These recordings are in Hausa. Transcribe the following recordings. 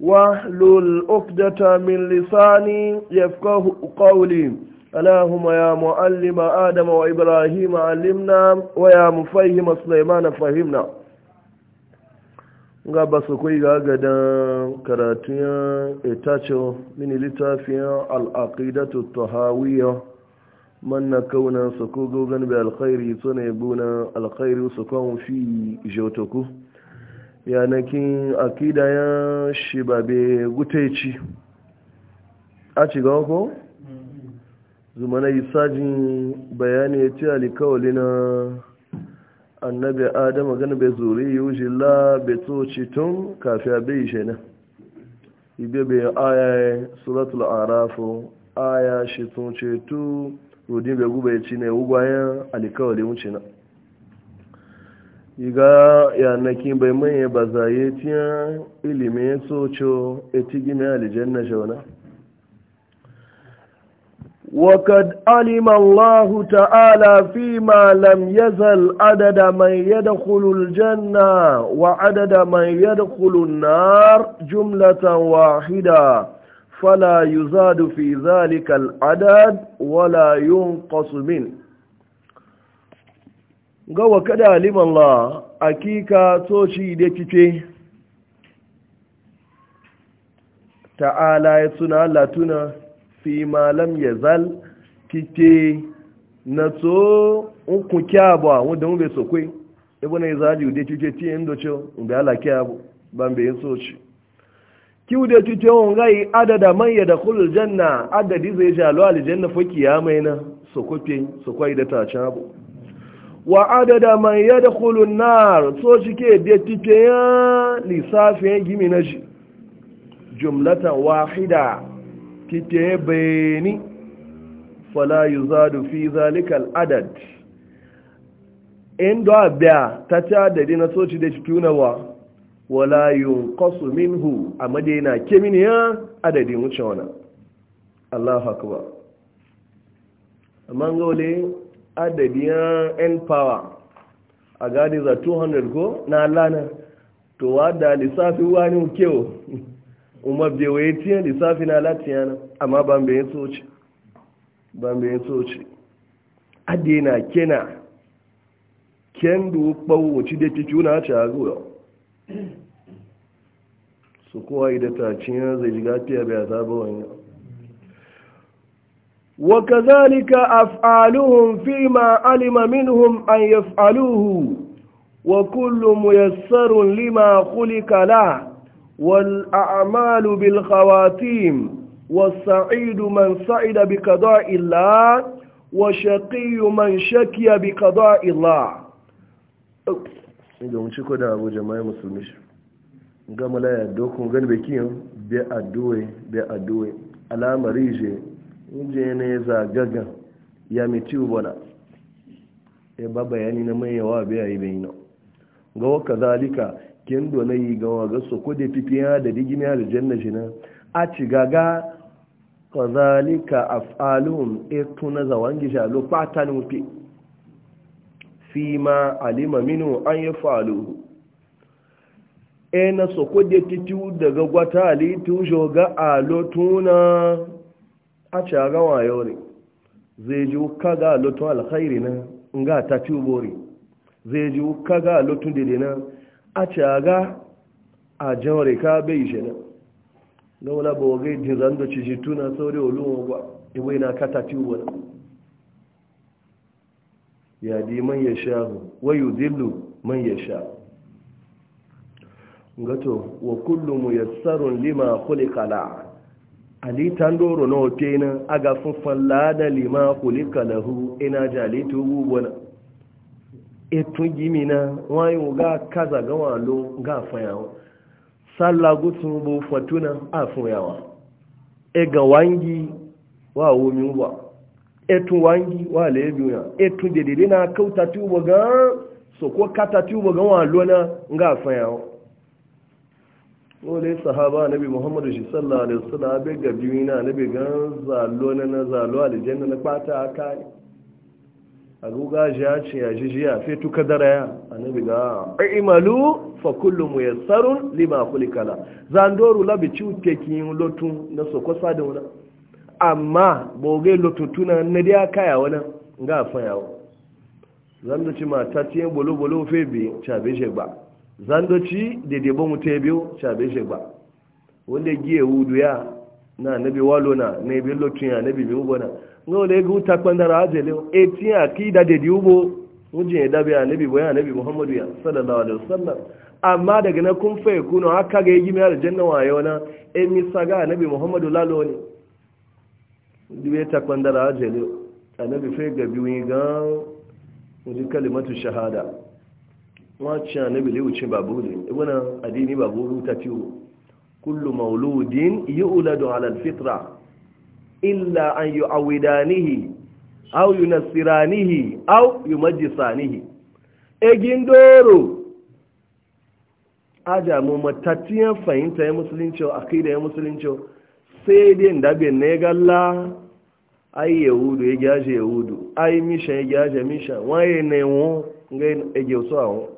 واحلل عقدة من لساني يفقه قولي اللهم يا معلم آدم وإبراهيم علمنا ويا مفهم سليمان فهمنا nga ba su kai ga gadan karatu ya itacho e mini littafin al'aqidatu tahawiyya man na kauna su ko gogon bi alkhairi suna buna alkhairi su kan fi jotoku yanakin akida ya shi ba be guteci a ciga ko zumana yi sajin bayani ya ce alikawali na annabi adama gani bai zuri yuji la betoci tun kafin abe ishe na ibe bai aya suratul arafu aya shi tun ceto rudin bai gube ne wugwayen alikawali wuce na iga yanakin bai manye ba zaye tiya ilimin socio eti gina alijen na shauna wakad aliman ta'ala fi ma lam adada mai da kulul janna wa adada mai da kulun nar jumlatan wahida fala yuzadu fi zalikal adad wala yun kasumin ga wa kada aliman la akika toci da kife ta'ala ya tuna Allah tuna fi malam ya zal kife na so uku kyabwa wanda mu bai sokwe ibn izadi da kife ti ndo cho da Allah kyabu ban bai soci ki da kife on gai adada man ya dakhul janna adadi zai jalo janna fa kiyama ina so sokwai da ta wa adada man da an-nar so da tike ya lisafin gimi na shi jumlatan wahida tike bayani fala yuzadu fi zalikal adad in da biya ta ta da na so shi da tuna wa wala yunqasu minhu a yana kemin ya adadin wuce wana. Allahu akwai amma ngole adadiyan n power a gadi za 200 ko na lana to wadda lissafi wani kewo umar bewaye tiyan lissafi na latiyana amma ban bayan soci ban bayan soci adina kena kendo kpawoci da ke cuna ci a guwa su kowa idata ciyar zai jiga fiye bai a zaba wani وكذلك أفعالهم فيما علم منهم أن يفعلوه وكل ميسر لما خلق له والأعمال بالخواتيم والسعيد من سعد بقضاء الله وشقي من شكي بقضاء الله inda mun ciko da abu jama'a musulmi gama la ya dokun gan kiyan be addu'e be addu'e alamari je je ne zagaga ya miti ubona e ba bayani na mai yawa biya yi bai ga waka zalika kendo na yi ga waga so ko da pipiya da digini aljanna shi a ci gaga kazalika af'aluhum ituna e zawangi jalo patan mupi fima alima minu an yafaluhu e na soko titi titu daga gwata ali tujo ga alotuna a ci a gawa yau ne zai ji wuka ga lotun alkhairi na nga ta ci ubori zai ji wuka ga lotun dide na a ci a ga a janwari ka bai ishe na na ba wagai jin zando ci shi tuna saurin olumwa ba iwai na ka ta ci ubori ya di man ya sha wayu zillu man ya sha gato wa kullum yassarun lima khuliqa alitan doro na ote na aga fuffan lada lima kulika lahu ina jalitu gubana etun gimi na wayo ga kaza ga walo ga fayawa sallah gutsun bu fatuna a fayawa e ga wangi wa wumi ba etun wangi wa lebiya etun dedede na kauta tubo ga so ko kata tubo ga walo na ga fayawa wale sahaba nabi muhammadu shi sallallahu alaihi wasallam abe gabi na nabi gan zalo na na zalo aljanna na kwata aka ne a guga shi ya ce ya jiji ya fi tuka dara ya annabi ga imalu fa kullu tsarun lima khuliqala zandoru labi bi ciute yin lotun na soko sada wani amma boge lotutuna na dia kaya wani ga fa zan da ci mata yin bolo bolo fe bi cabe shi ba zandoci da debo mutu biyu shabe shi ba wanda giye wudu ya na nabi walo na na ibi lokacin ya nabi biyu gona ga wanda ya ga da kwandara ajiyar e etin akida da diubo wujin ya dabe a nabi boya nabi muhammadu ya sallallahu alaihi wasallam amma daga na kun fa yakuna haka ga yi mai aljanna wa na e misa ga nabi muhammadu lalo ne duwe ta kwandara ajiyar a nabi fa ga biyu ga wujin kalimatu shahada wacce annabi zai wuce babu ne ibuna addini babu ta ciwo kullu mauludin yuladu ala alfitra illa an yi awidanihi au yu'awidanihi aw yunassiranihi aw yumajjisanihi egin doro aja mu matatiyan fahimta ya musulunci da ya musulunci sai dai ndabe ne galla ai yahudu ya gyaje yahudu ai misha ya gyaje misha waye ne wo ngai ege so awon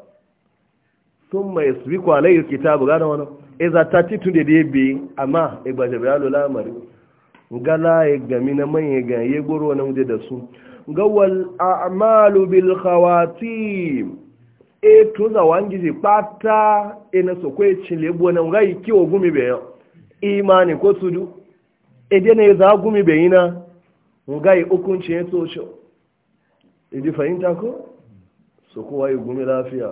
sun mai su bi kwalai yi kitabu gane wani iza ta titu da dai bi amma igba jabi alu lamari gala ya gami na manye ga ya goro wani wuje da su gawal a'malu bil khawati e to za wangi ji pata ina so kwe chile bona ngai kiwo gumi be imani ko sudu e de ne za gumi be ina ngai hukunci ya so sho idi fahimta ko so kowa yi gumi lafiya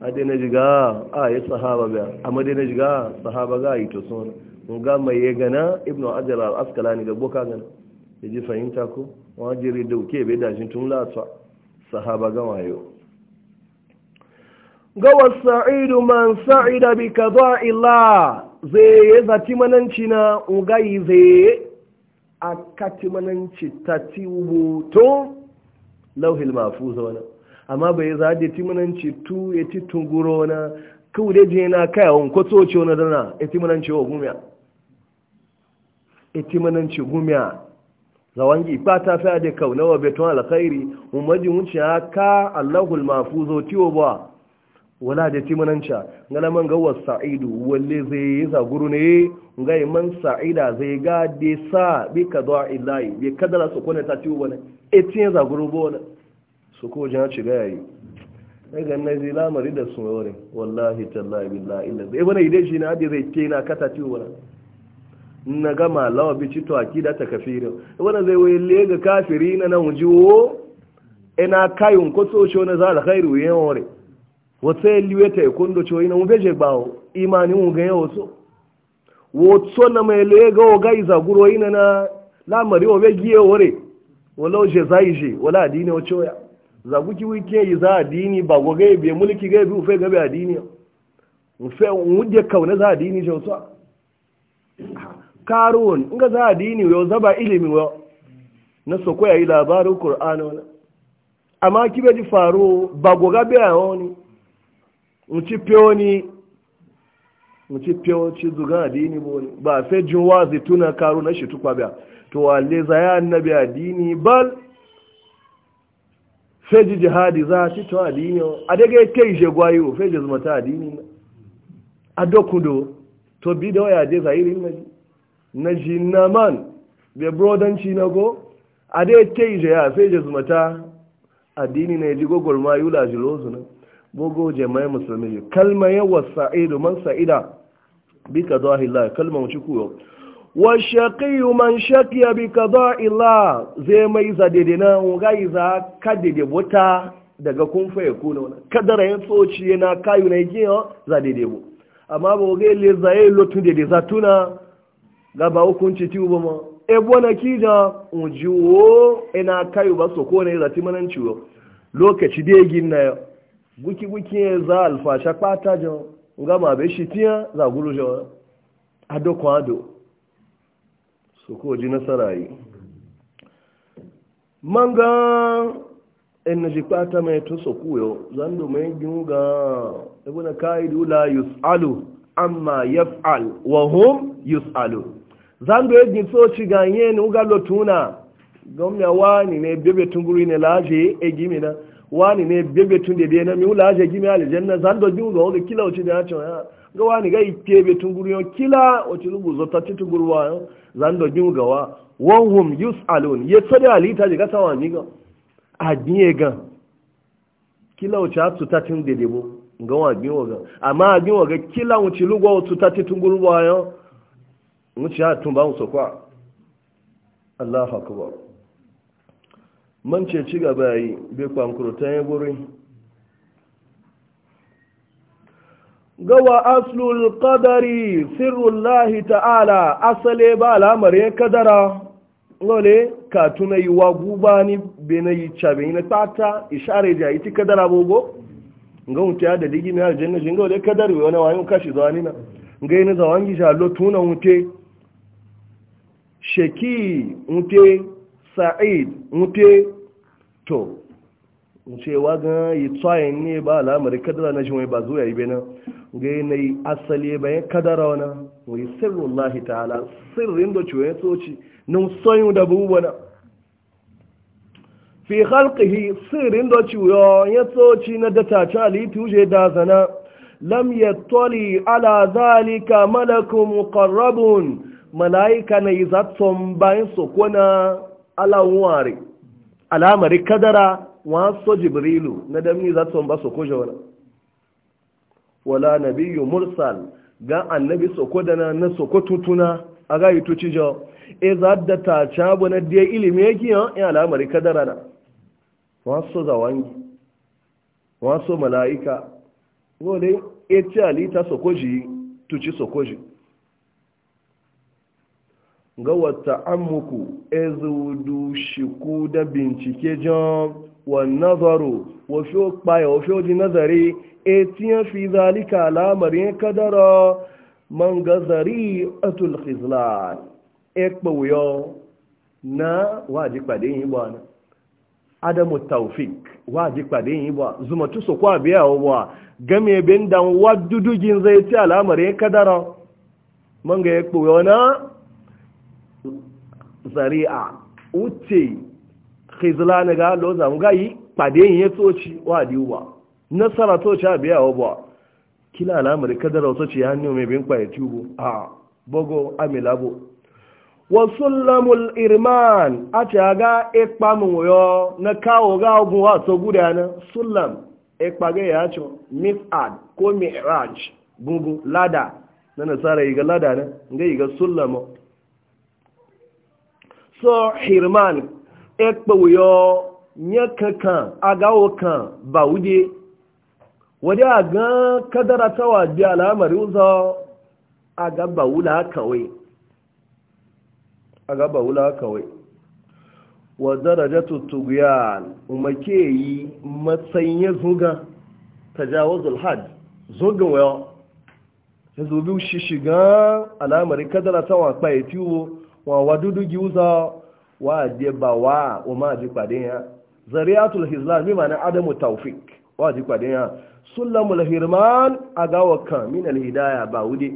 adina jiga a ya sahaba ga a madina jiga sahaba ga yi to sun ga mai ya gana ibnu ajar al-askalani ga boka gana ya ji fahimta ko wani jiri dauke bai dashin tun latsa sahaba ga wayo ga wasa'idu man sa'i da bi kaza illa zai ya zati mananci na ugayi zai a kati mananci ta ti wuto lauhil mafuza wani amma bai za da timananci tu ya ti tunguro na kawo da jina kayawon kwatsoci wani dana ya timananci wa gumiya ya timananci gumiya zawangi ta fiye da kauna wa beton alkhairi umarjin wuce ya ka allahul zo tiwo ba wala da timananci galaman ga wa sa'idu walle zai yi zaguru ne ga man sa'ida zai ga de sa bi ka zuwa ilayi bi kadala su kone ta tiwo wani etin zaguru ba wani su ko jan ci gaya yi daga na zai lamari da sun wurin wallahi tallahi billahi illa zai eh, wani idan shi na adi zai ke na kata ci wani na gama lawa bi ci tuwaki da ta kafiri eh, wani zai wai lega kafiri na nan wuji wo ina eh, kayun ko so shi wani za da khairu yin wuri wata yi liwe ta yi kundo ci wani mu beje bawo imanin mu ga yawa so wotso na mai lega wa ga iza guro yi na lamari wa begiye wuri walau je zai je wala adini wa coya za guki wike yi za adini ba go gai be mulki ga bi ufe gabe adini ufe mudde kauna za adini jausa karun inga za adini yo zaba ilimi yo na soko ya labarin qur'ani wala amma kibe ji faro ba go gabe awoni uci peoni uci peo ci zuga adini boni ba sai jin wazi tuna karu na shi tukwa biya to wale za ya annabi adini bal feji jihadi za a ti to adini adege ke ise gwayo feji zuma ta adini dokudo to bi da waya je zahiri na ji na man. be brodanci na go ade ke ise ya feji zuma ta adini na. ji gogol ma yula su na bogo jama'i musulmi kalma yawa sa'idu man sa'ida bi ka qadahi allah kalma mu ci kuyo washaƙiyu man shakiya bi kaza ila zai mai zadede na ngai za ka dede bota daga kun fa ya kuna wani kadara yin tsoci na kayu na yake yau zadede bu amma ba ga ile zaye lotu dede za tuna ga ba hukunci ti ubo ma e ki na kija ujiwo ina kayu ba so ko ne za ti manan ciwo lokaci dai gin na yau guki guki za alfasha kwata jan ga ma be shi tiya za gulu jan ado kwa ado su ko ji nasara yi manga in na ji kwata mai tun kuyo zan domin ginu ga ibi na ka'idu la yus'alu amma yaf'al wa hum yus'alu zan do e yin so ci ganye ni uga lotuna gwamna wani ne bebe guri ne laje e gimi na wani ne bebe tun da biya na mi ulaje gimi alijanna zan do e ginu ga wani kila uci da ya ce gawa ni ga tunguru tunguriyo kila otilubu zota titungurwa zando jimu gawa wahum yus'alun ye tsade alita ji gata wa miga adiye ga kila tuta atu tatin dedebo nga wa biyo ga amma abiyo ga kila uchi lugwa utu tati tungurwa yo cha tun ba so kwa Allahu akbar man ce ci gaba yi be kwankuru ta yi burin gawa aslul qadari sirrullahi ta'ala asale ba lamarin kadara lole ka tuna yi wa guba ni benayi yi cabe ina tata ishare da iti kadara bogo nga mutu ya da digi na aljanna shi nga wale kadari wani wani kashi zuwa nina nga yi na zawon gisha lo tuna mute sheki mute sa'id mute to mute wa ga yi tsayin ne ba lamarin kadara na shi wani ba zuwa yi bena ga yanayi asali bayan kadara wani wai sirrin lahi ta'ala sirrin da ciwo ya soci nun son da buwana fi halkahi sirrin da ciwo ya soci na da tace alitu je da zana lam ya toli ala zalika malakun mukarrabun malaika na yi zaton bayan sokona alawari alamari kadara wasu jibrilu na damni zaton ba sokoshe wani wala nabiyyu mursal ga annabi sokodana na sokotutuna a ga yi tuci jo e za da ta cabo na da ilimi yake yan in al'amari kadara na wasu zawangi wasu mala'ika wole e ci alita sokoji tuci sokoji ga wata amuku e zudu shiku da bincike jan wa nazaru wa sho kpaya wa sho ji nazari etiyan fi zalika alamarin kadara man gazari atul khizlan ekpa wuyo na waji pade yin ba na adamu taufik waji pade yin ba zuma tu so kwa biya wa ba game bin dan wadudugin zai ti alamarin kadara man ga ekpa wuyo na zari'a uce khizla na ga lo zamu ga yi pade yin yato ci wa diwa nasara to cha biya wa ba kila al'amari kadar wasu ci hannu mai bin kwaye tubu a bogo amilabo wa sullamul irman a ce ga ikpa mun yo na kawo ga ogun wa so guda na sullam ikpa ga ya ce mifad ko mi'raj bugu lada na nasara yi ga lada na ga yi ga sullama so hirman ekpawuyo nye kankan agawo kan ba wuje wade a gan kadara tawa bi al'amari uzo a ga ba wula kawai a ga ba wula kawai wa darajatu tughyan umake yi matsayin ya zuga tajawuzul hajj zuga wayo ya zo bi shi shiga al'amari kadara tawa pa etiwo wa wadudu giuza wa de ba wa o ma ji kwade ya zariatul hizlan bi mana adamu tawfik wa ji kwade ya sulamul hirman agawa kan min al hidaya ba wude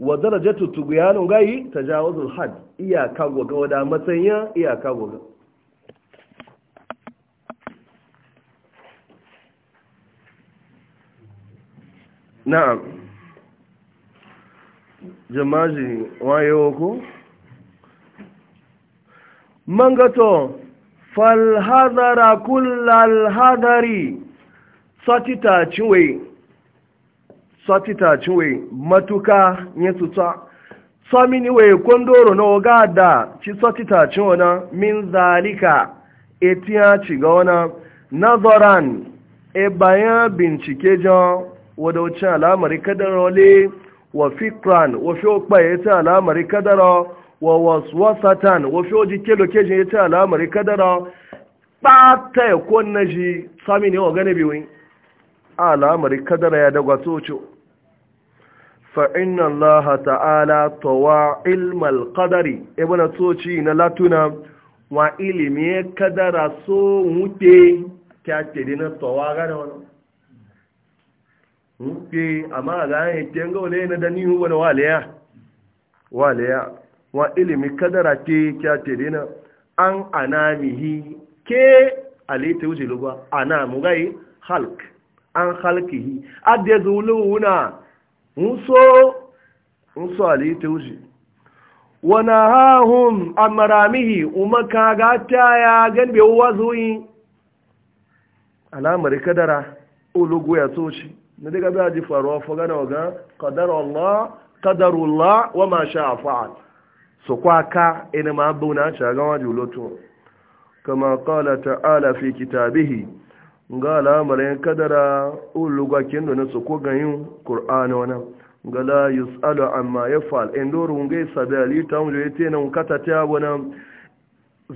wa darajatu tughyan gai tajawuzul had iyaka goga wada matsayin iyaka goga na'am jama'i wayo ko mangato gato falhazara kullal hadari satita ciwe satita ciwe matuka ya tuta samini we kondoro na oga da ci satita ciwe na min zalika etiya ci ga wana nazaran e bayan bincike jan wadaucin alamari kadarole wa fikran wa fi okpa ya ta alamari kadarole wa waswasatan wa oji kelo kejin ita al'amari kadara ta ya konna shi sami ne wa gane biwin al'amari kadara ya dagwa tsoco fa inna Allah ta'ala tawa ilmal qadari ibn tsoci na latuna wa ilimi kadara so mute kyake dina tawa gane wani mute amma ga yake ngole na dani wani waliya waliya wa ilimi kadara ke kya tedina an anamihi ke alita wuce lugba anamu gai halk an halkihi adda zuluna nso nso alita wuce wana hahun amaramihi umaka gata ya ganbe wazoyi alamar kadara olugu ya toci na daga biya ji faruwa fagana waga kadar Allah kadarullah wa ma sha'a sokwa ka ina ma abu na ci a gama julotu kama ta ala fi kitabihi ga al'amarin kadara ulugwakin da na su ko ganyin ƙur'ani wani ga la yus'alu amma ya fa'al in nga ga isa da alita wanda ya te na wukata ta wani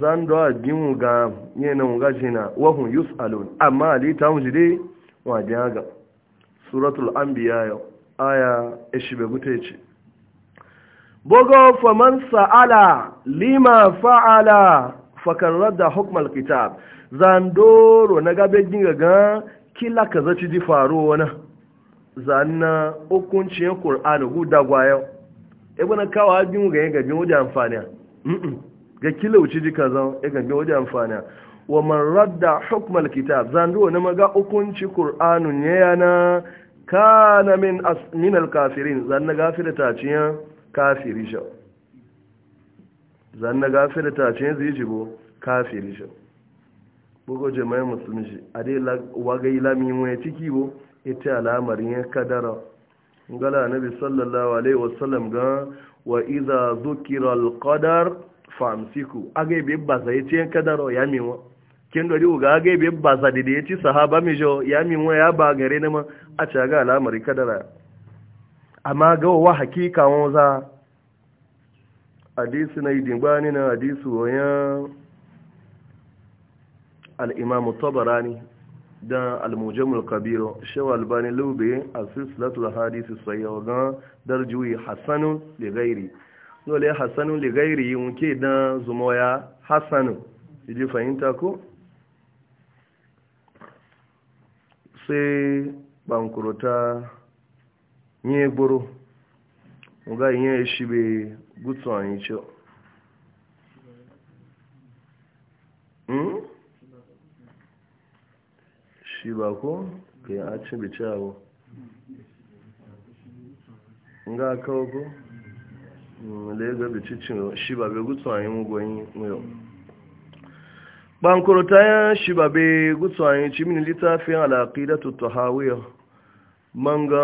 zan da ajin ga nye na wuga jina wahun yus'alu amma alita wanda dai wajen ga suratul anbiya yau aya 20 e ce bogo faman sa'ala lima fa'ala fakar da hukmal kitab zandoro na gabe ginga ga kila ka zaci ji faro wani zanna hukuncin qur'ani guda gwayo ebe na kawo abin ga yin gabin wajen amfani ga kila wuce ji ka zan ya gabin wajen amfani wa man radda hukmal kitab zandoro na maga hukunci qur'anun yana kana min min al-kafirin zanna gafirta ciyan kafiri shi zan na gafira ta ce zai jibo kafiri shi bugo jama'in musulmi shi a dai wagai lami wani ciki bo ita al'amarin ya kadara gala nabi sallallahu alaihi wasallam ga wa iza zukira alqadar famsiku agai basa baza yace kadara ya miwa kin gari ga agai bi baza da yace sahaba mi jo ya miwa ya ba gare na ma a ta ga al'amarin kadara amma ga hakika wanzu hadisi na idin gbani na hadisi wayan al'imamu tabarani don almujamul kabiru shawar bani lube a silsilatul hadisi sayo gan darjuyi hassanun ligairi dole hassanun ligairi yi nke don zumoya hassanun iji fahimta ko sai bankurota nye gboro nga ihe eshibe gutu anyị cho hmm shiba ko ke a chibi chawo nga aka ogo lega bichichin shiba be gutu anyị ngwo nwe bankurta ya shiba be gutu anyị chimini littafin alaƙidatu tahawiyar manga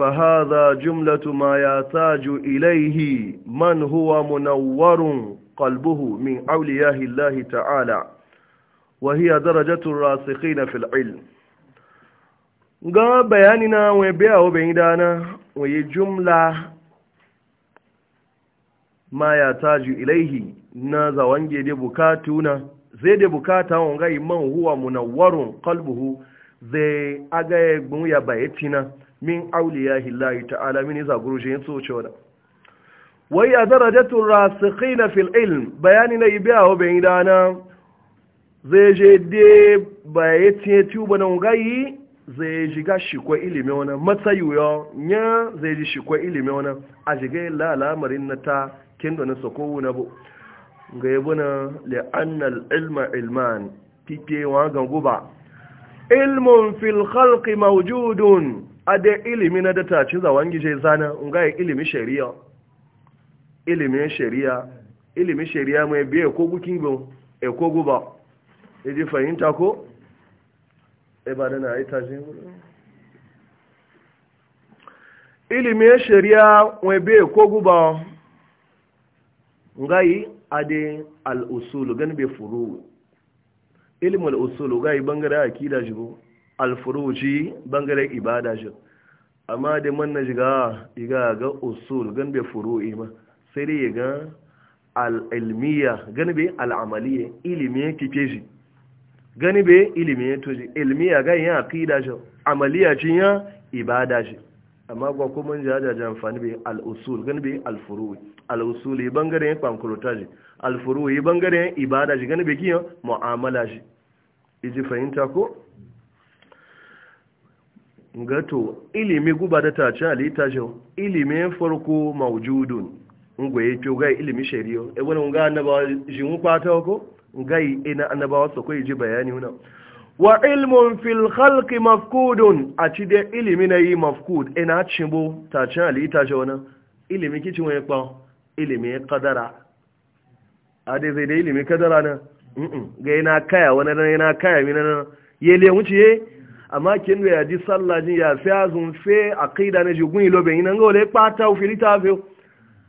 فهذا جملة ما يحتاج إليه من هو منور قلبه من أولياء الله تعالى وهي درجة الراسخين في العلم ga bayanina wai biya wa bayan dana wai jumla ma ya taju ilaihi na zawange da bukatu na zai da bukata ga iman huwa munawwarun qalbuhu zai aga ya gbunya min auliyahi lahi ta'ala min za guru shi so ce wada wai a darajatun rasikhina fil ilm bayani na ibiya wa bayin dana zai je de baye tiye tuba na ngayi zai shiga shi kwa ilimi wani matsayi yo nya zai ji shi kwa ilimi wani a shiga la na ta kendo na sokowu na bu ga yabo na li'annal ilma ilman kike wa ganguba ilmun fil khalqi mawjudun ade ilimi na data taci zawon gije zana nga ilimi shari'a ilimin shari'a ilimin shari'a mai biye ko gukin bin eko guba ya ji fahimta ko e ba da na yi taji ilimin shari'a mai biya ko guba nga yi adai al'usulu gani bai furu ilimin al'usulu ga yi bangare akida jibo alfuruji bangaren ibada shi amma da man na shiga iga ga usul gan bai furu'i ma sai dai ga al'ilmiya gani bai al'amaliya ilimi ya kike shi gani bai ilimi ya toji ilmiya ga yin aqida shi amaliya cin ya ibada shi amma ba kuma ji hajajen amfani bai al'usul gani bai alfuru'i al'usuli bangaren kwankurota shi alfuru'i bangaren ibada shi gani bai kiyan mu'amala shi iji fahimta ko gato ilimi guba da tace halitta shi ilimin farko maujudun ngwa ya gai ilimi shari'o e wani nga annabawa shi mu kwata ko gai ina annabawa su kai ji bayani wuna wa ilmun fil khalqi mafkudun a ci da ilimi na yi mafkud ina e cimbo tace halitta shi na. ilimi kicin wani kpa ilimi kadara a dai zai da ilimi kadara na ga yana kaya wani na yana kaya mina na yele wuce amma kin ya ji sallah jin ya fi azun fe aqida na jigun ilo be ina ngole pata u filita fe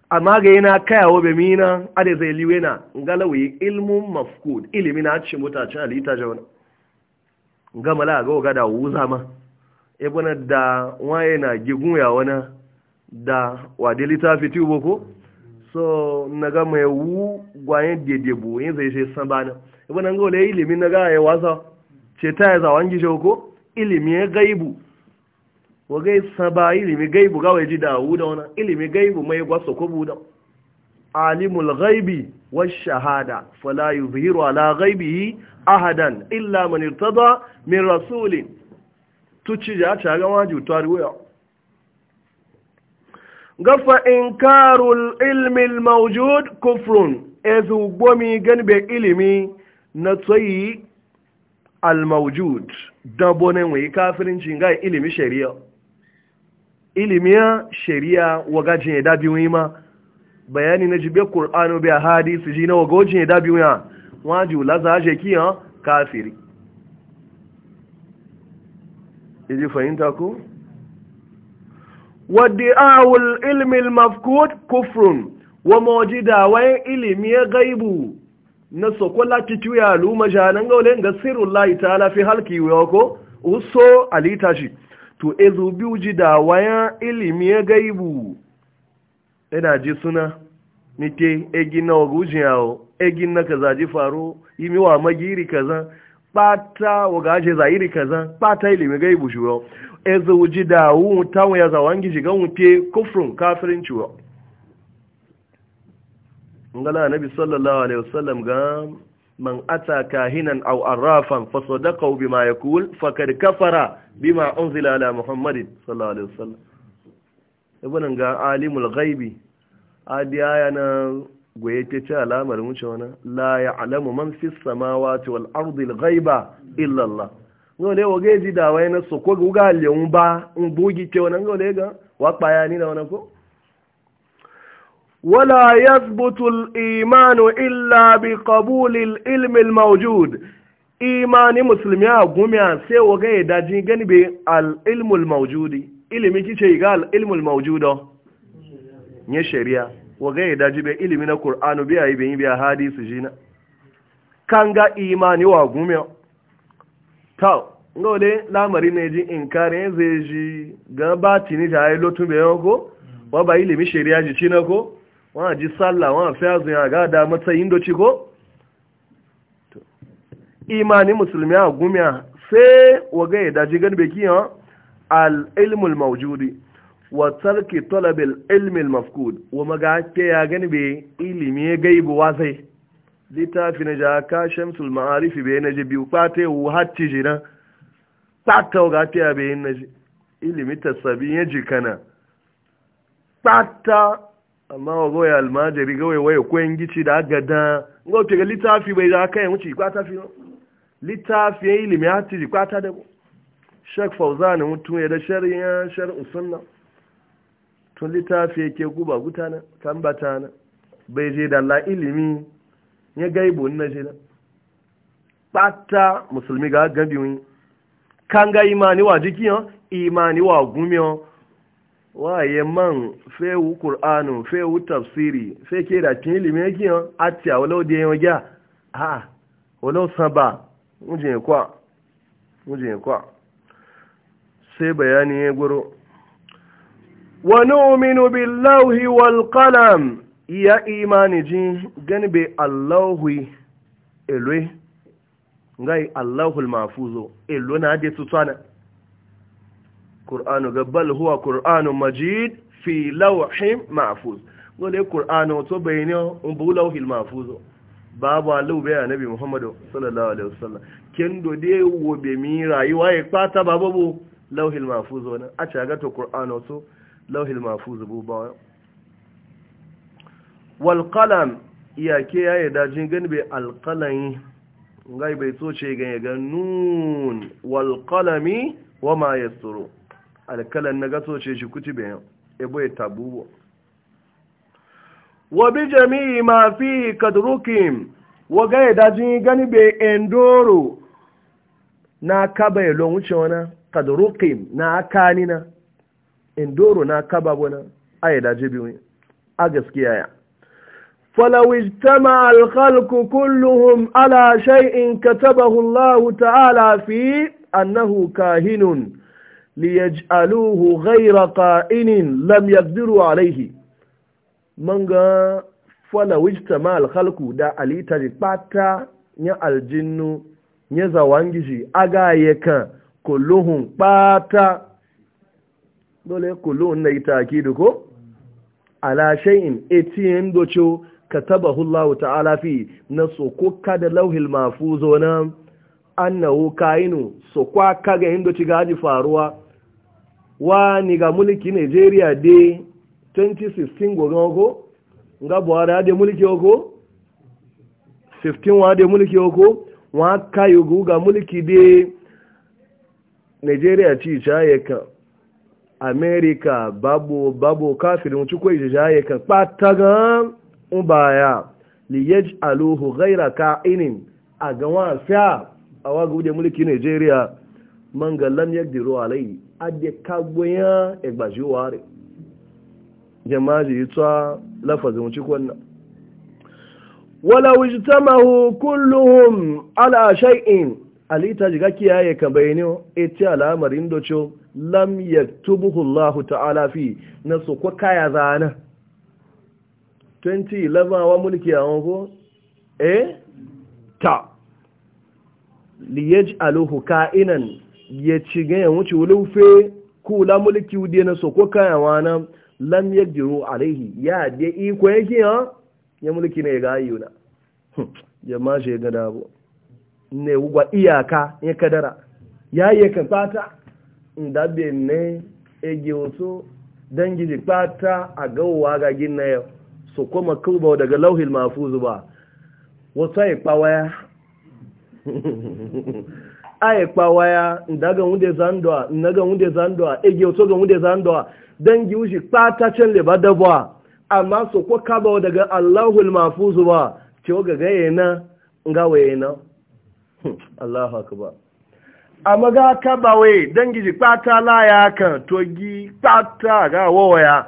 amma ga yana kaya wo be mina ade zai liwe na ngalawi ilmu mafkud ilimi na ci muta ci alita jawon ngama la ga ga da wuza ma e bona da waye na jigun ya wana da wa de litafi ti boko so na ga mai wu gwayen dedebo yin zai sai san bana e bona ngole ilimi ga ya wasa ce ta ya zawangi shoko ilimi ya gaibu wagai saba ilimi gaibu ga waje dawuda wuda ilimi gaibu mai gwasa ko buda alimul gaibi wa shahada fala yuzhiru ala gaibihi ahadan illa man irtada min rasulin tuci ja ta ga waje to riwaya gafa inkarul ilmi al kufrun ezu gomi ganbe ilimi na tsayi al dabonin mai kafirinci ga ilimi shari'a ilimiya shari'a wagajin ya dabi wani ma bayani na jibe ƙur'anu bai hadisi ji na wagajin ya dabi wani waju lazaje kiyan kafiri Iji fahimta ko waddi'awul ilmi al-mafkud kufrun wa mawjida wa ilmi gaibu. na sokola titiyu ya luma jahanan gaule ga sirrun layi ta lafi halki ko uso al'itashi. shi to ezu biyu ji da waya ilimi ya gaibu ina ji suna nike egin na wagujin yawo egin na kaza ji faru imi wa magiri kaza pata wagaje zairi kaza pata ilimi gaibu shi yau ezu ji da wun tawon ya zawangi jigan wuce kufrun kafirin ciwo ngala nabi sallallahu alaihi wasallam ga man ata kahinan aw arrafan fa sadaqa bima yaqul faqad kafara bima unzila ala muhammadin sallallahu alaihi wasallam ibn ga alimul ghaibi adiya na goye ta ce alamar wuce wani la ya'lamu man fis samawati wal ardi al ghaiba illa allah ngole wa ji da wayna na soko ga ga leun ba in bugi ke wannan ngole ga wa ya ni na wannan ko ولا يثبت الإيمان إلا بقبول العلم الموجود إيمان مسلم يا قمي سوى غير جنب العلم الموجود ilimi kice ga al-ilmu al-mawjuda ne shari'a wa ga ya daji bai ilimi na Qur'anu biya yi biya hadisi jina kan ga imani wa gume ta ngole lamari ne ji zai ji ga batini ta yi lotun bai ko ba cina ko wọ́n àjí sálà wọ́n àfẹ́ àzùn àgáàdá matsayin doci ko? Imanin musulmi a gumiya sai waga ya daji gan beki yan al'ilmul maujudi wa tarki talabil ilmil mafkud wa maga ke ya gani be ilimi gaibu wasai littafi na jaka shamsul ma'arifi bai naji biyu kwata yau hatti jina kwata ga ta bai naji ilimi tasabi ya jikana kwata amma wa goya almajiri gawai waya koyan gici da aka da ga ce ga littafi bai da kai wuce kwata fi litafi ya ilimi ya ci kwata da bu shek fauzani mutum ya da shari'a shari'a sunna tun litafi ya ke guba gutana kan batana bai je da la ilimi ya gaibo na je da kpata musulmi ga gabi wani kan ga imani wa jikiyan imani wa gumiyan waye man fewu qur'anu wu tafsiri fe ke da tin ilimi ki yan ati awolo de yan ja ah wolo saba muje kwa muje kwa sai bayani ya Wani wa nu'minu billahi wal qalam ya imani ji gani be allahu elwe ngai allahul mahfuzo elu na de tutana ƙur'anu ga bal huwa ƙur'anu majid fi lauhin mafuz wanda kur'anu ƙur'anu to bayani un bu lauhin mafuz babu alu bai annabi muhammadu sallallahu alaihi wasallam kin do de wo be mi rayuwa ya e kwata babu bu lauhin mafuz wannan a ce ga to ƙur'anu to lauhin mafuz bu ba wal qalam ya yayi dajin gani bai yi. ngai bai so ce ga ga nun wal qalami ma yasturu alkalan na gaso ce shi kuti bai ebo ya tabu wa bi jami'i ma fi kadrukim wa ga ya jin gani be endoro na kaba ya lon wuce wana kadrukim na akani na endoro na kaba wana aya daji biyu a gaskiya ya فلو اجتمع الخلق كلهم على شيء كتبه الله تعالى annahu أنه كاهن liyaj'aluhu ghayra qa'inin lam yaqdiru alayhi manga fala wijtama al khalqu da alita ripata nya aljinnu nya zawangiji aga yekan kulluhum pata dole kullun na itakidu ko ala shay'in etin docho katabahu Allah ta'ala fi na ko kada lauhin mafuzo na annahu kainu kwa kaga indo ci gaji faruwa wa ni ga mulki nigeria de 2016 gogon oko nga buhari ade mulki oko 15 wa ade mulki oko wa ka yugo ga mulki de nigeria ci chaye ka america babu babu kafirin cikwai ji chaye ka patagan ubaya liyaj aluhu ghaira ka'inin a ga wa fiya a waga mulki nigeria man ga lam yagdiru alayhi adekagboyan egbaji ware jamaji yi tsa lafazin wuce kwanan wala wujtamahu kulluhum ala shay'in alita jiga kiyaye kan bayani ite al'amarin docho lam yaktubuhu Allah ta'ala fi su kwa kaya zana 2011 wa mulki awon ko eh ta liyaj'aluhu ka'inan ya ci ganyen wuce wufe kula mulki wude na soko kayawa nan lam ya jiro alaihi ya de iko yake ha ya mulki ne ga hm, ya ma shi ga dabo ne gwa iyaka ya kadara ya yi ka fata da be ne ege wato dan gidi fata a gawowa ga na yau so kuma kuba daga lauhil mafuzu ba wata ya kpawaya aye kpawaya ndaga wunde zandwa ndaga wunde zandwa ege oto ga wunde zandwa dangi wuji kpata can le badabwa amma so ko kaba daga Allahul mafuzu ba ce ga gaye na nga wa na hmm, Allahu akbar amma ga kaba waye dangi ji kpata la ya kan to gi kpata ga waya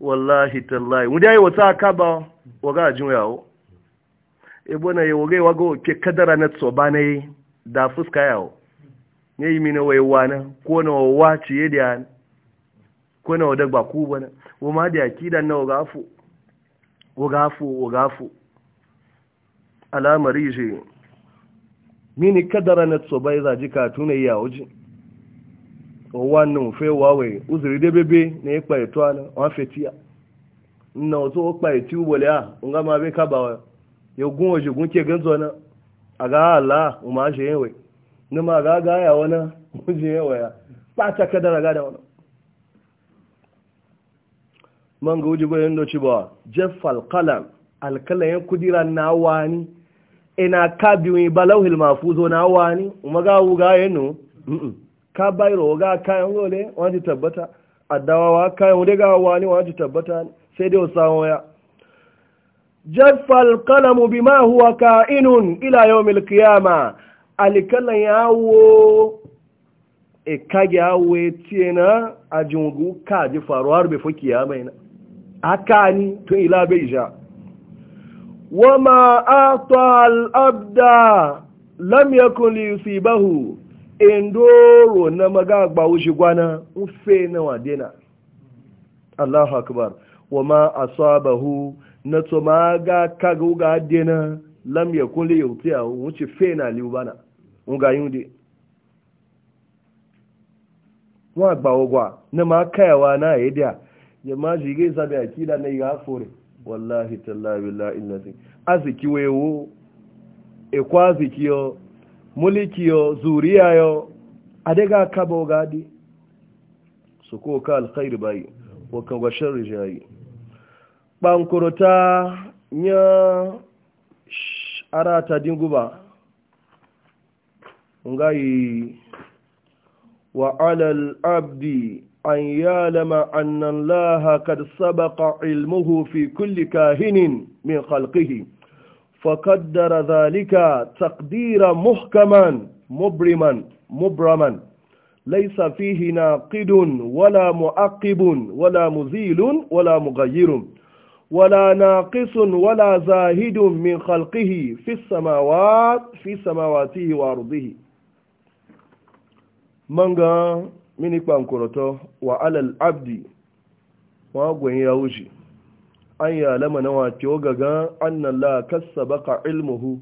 wallahi tallahi wunde ayi wata kaba wa ga jin yawo e bona ye woge wago ke kadara na na tsobane da fuska yawo Ne yi mini waiwa na ko na wawa ciye da yana ko na wadda ba ku bane wa ma da dan na wagafu wagafu wagafu alamari shi mini kadara na tsobai zaji ka tuna iya waje wawa nan fe wawe uzuri da bebe na ya kpaye tuwa na wọn fetiya na wasu kpaye tiwo bole a nga ma bai kaba ya gun waje gun ke ganzo na a ga Allah umma je yawe nima ga ga ya wani je yawe ya ba ta kadara ga da wani man ga ujibo yando ci ba jaffal qalam alkalayen kudira na wani ina ka biyu ba lauhil mafuzo na wani umma ga ga yanu ka bayro ga kayan gole wani tabbata addawa kayan wani ga wani wani tabbata sai dai wasu ya جف القلم بما هو kainun ila يوم القيامة alikala yawo e kage yawo tiyena a jungu ka ji faruwar bai fuki ya mai na aka ni ila bai sha wama ata al'abda lam yakun li yusibahu indoro na maga gba gwana nfe na wadena Allahu akbar wama asabahu na to ma ga kaga uga na lam ya liya yauti a wuce fena liubana uga yunde wọn agba ogwa na ma kayawa e na ya dia ya ma jige sabi kila na ya fore wallahi tallahi billahi illazi aziki wewo e kwa aziki yo muliki yo zuriya yo adega kabo adi su ko ka alkhairu bayi wa kan wa sharri yi. bankurota nya arata dinguba ngai wa alal abdi an yalama anna allaha kad sabaqa ilmuhu fi kulli kahinin min fa faqaddara dhalika taqdira muhkaman mubriman mubraman laysa fihi naqidun wala muaqibun wala muzilun wala mughayyirun ولا ناقص wala زاهد من خلقه في السماوات في سماواته وارضه manga mini kwankurato wa abdi wa gwen ya wuce an yi alama na wato gaga annan la kasa baka ilmuhu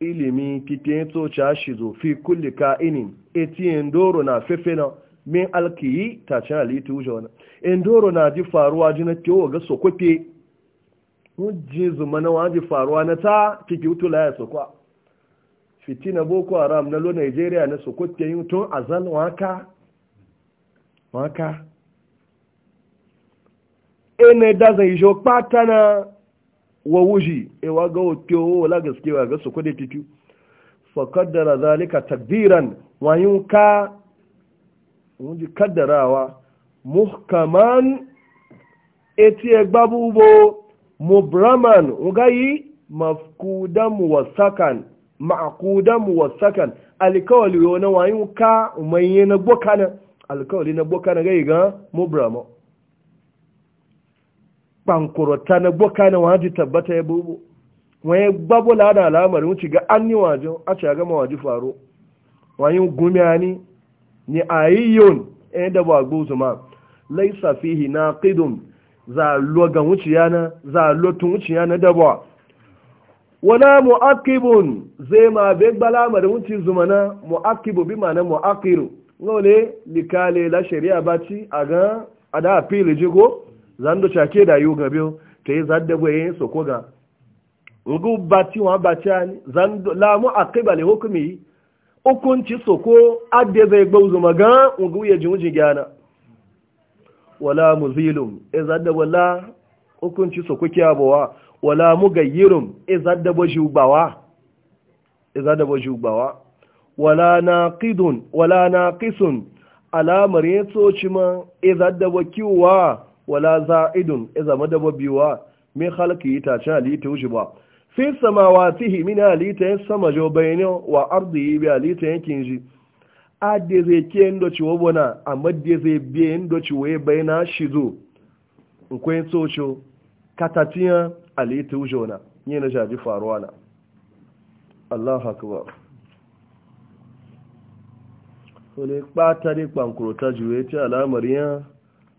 ilimi kitin tsoca shi zo fi kulli ka'inin etiyen doro na fefena min alkiyi ta halittu wuce wani na ji faruwa ji na kewa hujjizu zuma na waji faruwa na ta ciki wutula ya sokwa fitina boko haram na lo nigeria na sokotiya yin tun azal waka waka ene dazan ijo pata na wawuji ewa ga wato wala gaske wa ga sokode titi fa kaddara zalika takdiran wayun ka wunji kaddarawa muhkaman eti egbabubo mubraman ugayi mafkuda muwasakan ma'kudan muwasakan alkawali yo wayin ka umayye na gbokana alkawali na gbokana gai ga mubrama bankurota na bokana waji tabbata ya bubu waye babu lada alamar wuce ga an yi wajen a ce ga mawaji faro wayin gumiya ni ni yun ɗaya da ba gbozu zuma laisa fihi naqidun za ga wuciya na za lotun wuciya na dabwa wala mu'aqibun zai ma be bala ma da wuci zumana mu'aqibu bi ma na mu'aqiru ngole likale la shari'a baci aga ada apil jigo zando chake da yu gabe te da boye ga ugu bati wa bacani zando la mu'aqiba li hukmi hukunci soko adde zai gbau zuma ga ugu ya jinjin gyana wala muzilum izadda wala hukunci su kuke abuwa wala mugayyirun izadda ba jubawa izadda ba jubawa wala naqidun wala naqisun ala ya chima ma da ba kiwa wala za'idun izama da biwa min khalqi ta ci halitta wuce ba fi samawatihi min halitta ya sama jo bayno wa ardi bi halitta yankin shi adi zai ke ndoci wabona amma da zai biye ndoci waye bai na shi zo nkwai socho katatiyan alita na nye na jaji faruwa na allah akbar wani kpata ne kpankurota juwe ce alamar yan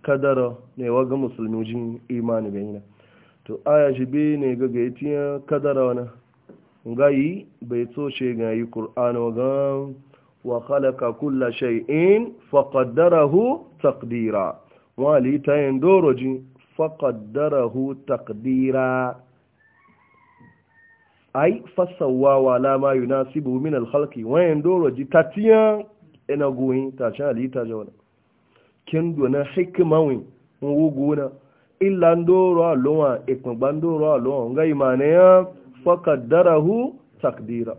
kadara ne waga musulmi jin imani bai na to aya bi na gaga ya tiyan kadara wani ngayi bai soce ga yi kur'an wagan wa khalaqa kulla shay'in qaddarahu taqdira wali tayndoroji fa qaddarahu taqdira ai fasawa wa la ma yunasibu min al-khalqi wa yndoroji tatiya ina goyin ta sha alita jawala kin dona hikmawin wuguna illa ndoro alowa ipon gbandoro alowa ngai mane fa qaddarahu taqdira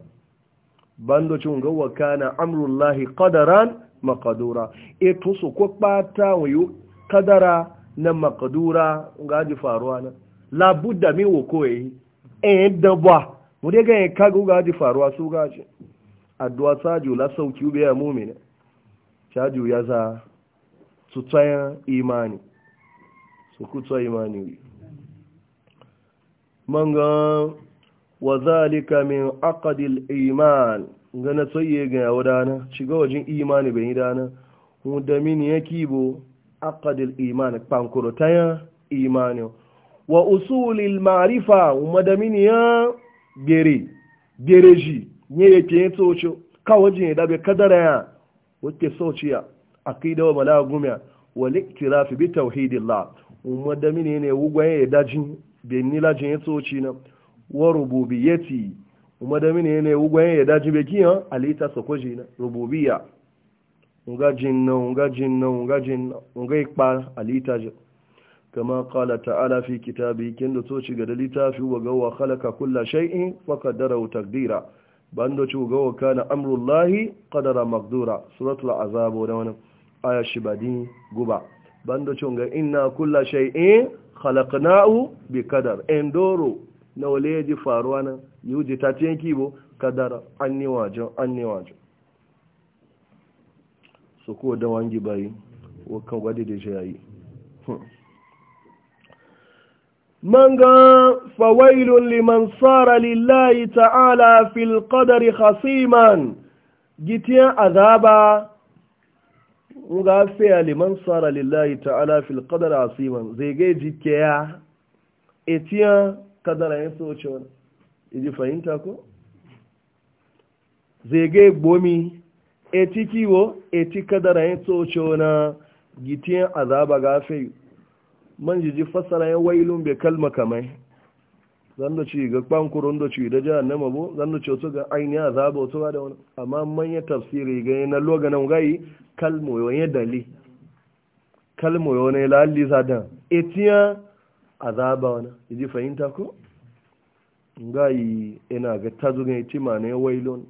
bando cin gawa kana amrullahi qadaran maqdura e to ko pata wayo kadara na maqdura ngaji faruwa na la budda mi wo ko yi e dabwa mu de ga e kagu ngaji faruwa su gaji addu'a saju la sauki be ya mu'mina saju ya za su tsaya imani su ku tsaya imani manga wa zalika min aqdil iman ngana tsaye ga wadana shiga wajen imani bai dana mu da min yake bo aqdil iman pankoro taya imani wa usulil ma'rifa mu da min ya gere bereji ne yake tsocho ka wajen da be kadara ya wake sociya aqida wa malagumiya wa liktirafi bi tauhidillah mu da min ne wugwaye dajin benni lajin tsoci na wa rububiyyati kuma da mini ne ugwayen ya daji be kiyan alita sokoji na rububiyya nga jinna nga jinna nga jinna nga ikpa alita je kama qala ta'ala fi kitabi kendo to ci ga littafi wa ga wa khalaqa kulla shay'in wa qaddara taqdira bando ci ga wa kana amrullahi qadara maqdura suratul azab wa wannan aya shibadi guba bando ci ga inna kulla shay'in khalaqnahu bi qadar endoro na wale ya ji faruwa nan yi ji ta ciyen kibo kadar an ni wajen an ni wajen su kuwa da wangi bayi wakan gwade da shi yayi hmm. man ga fawailun liman tsara lillahi ta'ala fil qadari khasiman gitiyan azaba nga fiya liman tsara lillahi ta'ala fil qadari khasiman zai gai jikeya etiyan kadara ya soce wani iji fahimta ko zege gbomi eti kiwo eti kadara ya soce wani gitiyan azaba gafe man jiji fassara ya wailun bai kalma kamai zan da ci ga kwankurun da ci da jihar na mabu zan da ci wasu ga ainihin azaba wasu ba da wani amma manyan tafsiri ga na loganan gayi kalmoyon ya dali kalmoyon e ya lalisa dan etiyan azaba wani yaji fahimta ko ngayi ina ga ga yace mana ne wailon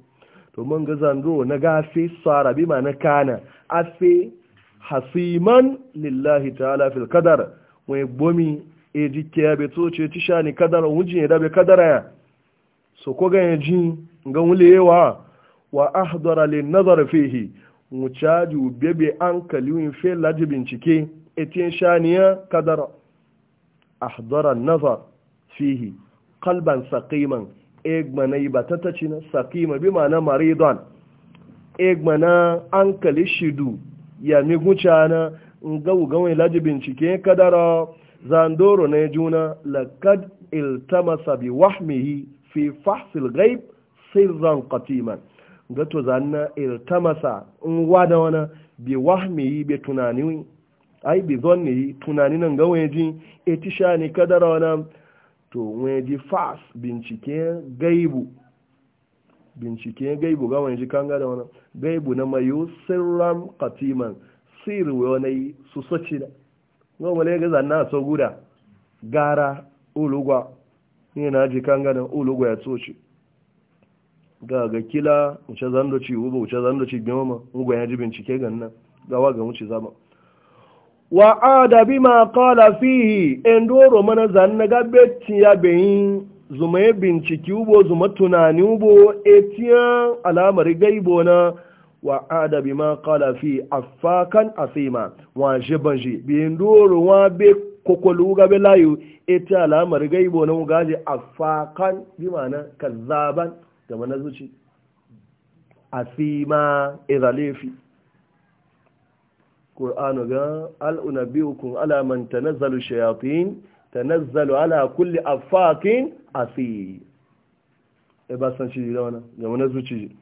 to man ga zando na gafe sara bi na kana afi hasiman lillahi ta'ala fil qadar wai bomi eji kiya be to ce ti shani kadar ne da be kadara ya so ko ga yaji ga wulewa wa ahdara lin nazar fihi chaju bebe an kaliwin fe lajibin bincike etin shaniya kadara ahdaran nazar fihi kalban saqiman egmana yi batataci na saqima bi ma'ana Maridon egmana an kali shidu ya mi gucana nga laji bincike kadara zandoro na juna lakad iltamasa bi wahmihi fi fahsil ghaib sirran qatiman gato zanna iltamasa in wada wana bi wahmihi bi tunanin. ai bi zonni tunani nan ga waje etisha ne kadara wannan to waje fas bincike gaibu bincike gaibu ga waje kanga da wannan gaibu na mayu sirran qatiman sir wani su soci da ga wale ga zanna so guda gara ulugwa ne na ji kanga ga da ulugwa ya soci ga ga kila uce zandoci uba uce ci goma ugwa ya ji bincike gannan gawa ga wuce zama wa ada ma qala fihi endoro mana zanna gabe ya beyin zuma ya binciki ubo zuma tunani ubo etiya alamar gaibo na wa ada ma qala fi afakan asima wa jibanji bi endoro wa be kokolu gabe layu etiya alamar gaibo na gaje afakan mana kazzaban da mana zuci asima idalefi ƙur'anu ga kun alaman ta nazalu shayafin ta nazalu ala kulli afakin asi e ba san shi da wani ga wani zuci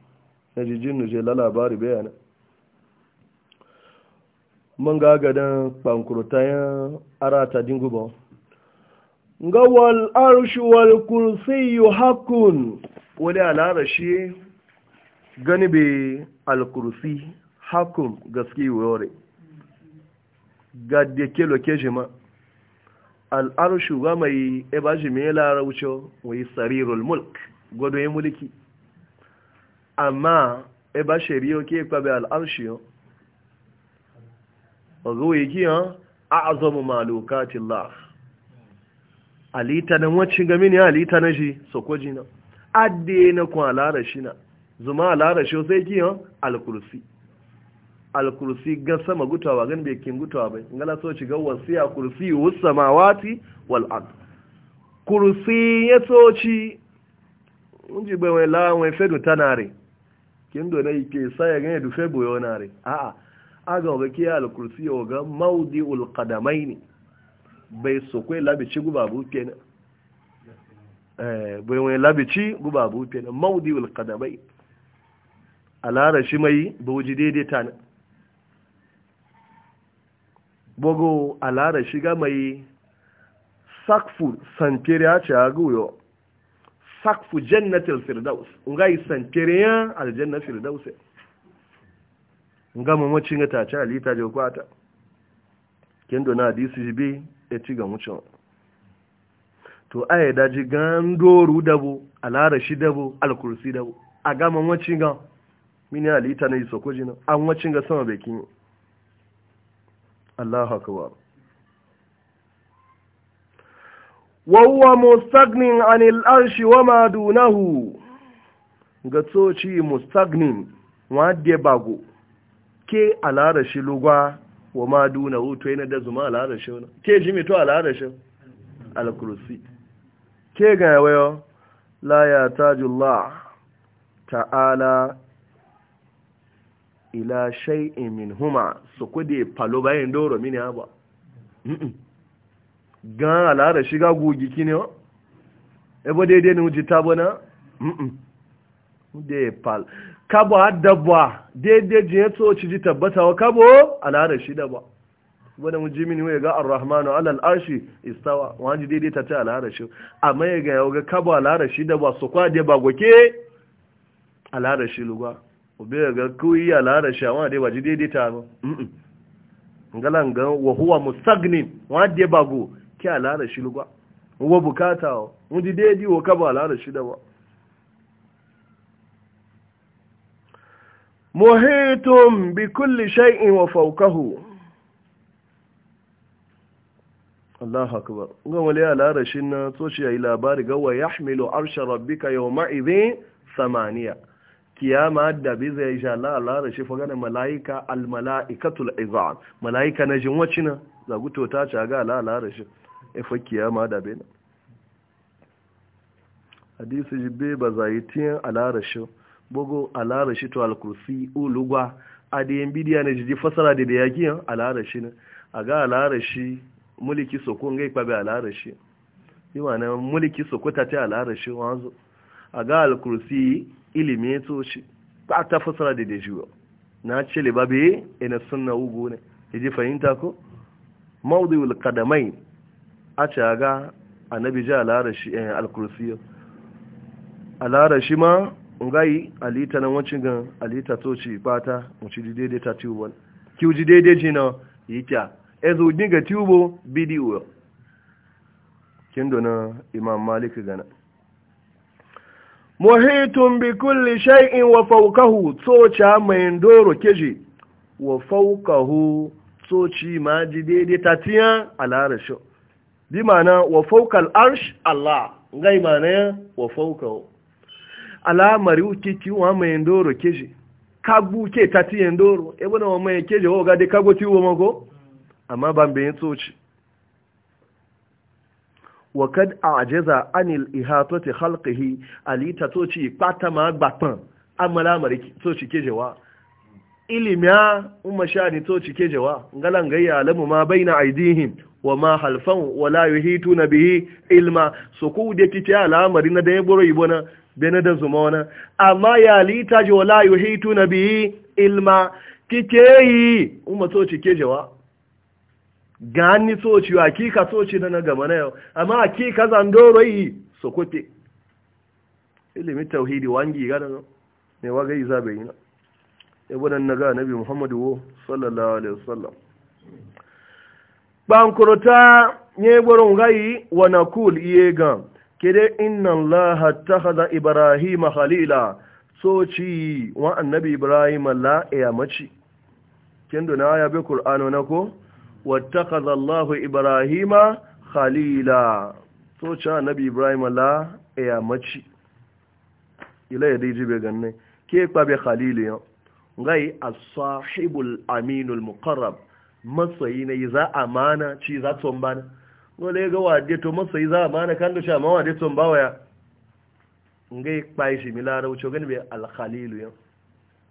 na jijin nuje la labari bayana man gagadan kpankurtayen ta dinguba ga wal arshu wal yi hakun wani alara shi gani bai al kursi hakun gaske wuri ga da ke loke jima al'arshu shugaba mai eba shi ya larauce wai sarirul mulk gwado ya mulki amma eba shari'a ke kwabe al'arshu ruwa ki yan a'azamu malukatin laf alita na wacce gami ne alita na shi sokoji na adde na kun shi na zuma shi sai ki yan alkursi alkursi gan sama gutawa gan bai kin gutawa bai ngala so ci ga wasiya kursi samawati wal ard kursi ya so ci unji bai wai la wai fedu tanare kin do nai ke ya gane du febo yonare a a aga ga ke alkursi o ga mawdi'ul qadamaini bai so kai labi ci guba bu kenan eh bai wai labi ci guba bu kenan mawdi'ul qadamaini a lara shi mai bauji daidaita na bogo alara shiga mai sakfu santiriya ce a guyo sakfu jannatil firdaus nga yi santiriya aljanna firdaus nga mamacin ya tace alita ji kwata kendo na hadisi bi e ci ga mucin to da e daji gandoru dabo alara shi dabo alkursi dabo a ga mamacin ga mini alita na yi sokojina an wacin ga sama bekin Allah akbar wa huwa mustagnin anil arshi wa ma dunahu ga tsoci mustagnin wadda bago ke alara shi wa ma dunahu to yana da zuma alara shi wani ke jimi to alara shi alkursi ke ga la ya tajullah ta'ala ila shay'in min huma su kudi palo bayan doro mini ba gan alara shiga gugi kini o ebo daidai ni wuji tabo na de pal kabo adabwa daidai jiye to ci ji tabbata wa kabo alara shi da ba wani ji mini wai ga arrahmanu alal arshi istawa wani daidai ta ce alara shi amma ya ga yau ga kabo alara shi da ba su kwade ba goke alara shi lugwa obe ga kuyi alara shawa dai ba ji daidai ta ba ngalan ga wa huwa mustagnin wa de bago ki alara shi lugwa wa bukata mu ji daidai wa ka ba alara shi da ba muhitum bi kulli shay'in wa fawqahu Allahu akbar ga wale alara shi na so shi yi labari ga wa yahmilu arsha rabbika yawma idhin samaniya kiyama da bi zai sha Allah da shi fa ganin malaika al malaikatul izam malaika na jin wacina za guto tota ta ci ga Allah da shi e fa kiyama da bi hadisi jibbe ba zai tiyan Allah shi bugu Allah da shi to al kursi ulugwa adiyan bidiya ne jiji fasara da da yakiyan Allah da shi ne a ga Allah da shi mulki sokon gai kwabe Allah shi yi wa na mulki sokota ta Allah da shi wanzu a ga al kursi ilimi ya toci ba ta fasara da da jiwa na ce le babe ina sunna ugu ne ya ji fahimta ko maudu kadamai a ce ga annabi ji alarashi eh alkursiyo alarashi ma ngai alita nan wancin ga alita ba fata mu ci daidai ta tiwon ki ji daidai ji na yika ezo dinga tiwo bidiyo kin dona imam malik gana muhitun bi kulli shay'in wa fawqahu tsoca mai ndoro keje wa fawqahu tsoci ma ji daidai tatiya al'arshi bi mana wa fawqa al'arsh Allah ngai mana wa fawqahu alamari ukiki wa mai ndoro keje kagbu ke tatiya ndoro ebona wa mai keje wa ga de kago ti mako amma ban be tsoci wakad ajeza ajaza anil ihatati khalqihi ali ta to ci pata ma gbatan amala mariki to ci kejewa ilimiya umma ni to ci kejewa ngalan gayya alamu ma baina aidihim wa ma halfan wa la yuhituna bihi ilma so ku de ti alamari na da yaboro ibona be na da zuma wana amma ya li ta ji wa la yuhituna bihi ilma kike yi umma to ci kejewa gani soci wa kika soci na gama na yau amma kika zandoro yi sokote ilimi tauhidi wangi gada no ne waga yi zabe yi na ibunan na ga nabi muhammadu wo sallallahu alaihi wasallam bankurta ne gburin gayi wa na kul iye ga kede inna ta haza ibrahima khalila soci wa annabi ibrahima la ya e mace kin dona ya bi qur'ano na ko wattakaza Allahu Ibrahima khalila so ci annabi Ibrahim la ya maci ila ya diji be ganne ke kwa be khalili yo ngai as-sahibul aminul muqarrab masayi ne za amana ci za tombana ngole ga wade to masayi za amana kando do sha ma wade tombawa ya ngai kwa shi milara ucho gani be al-khalilu yo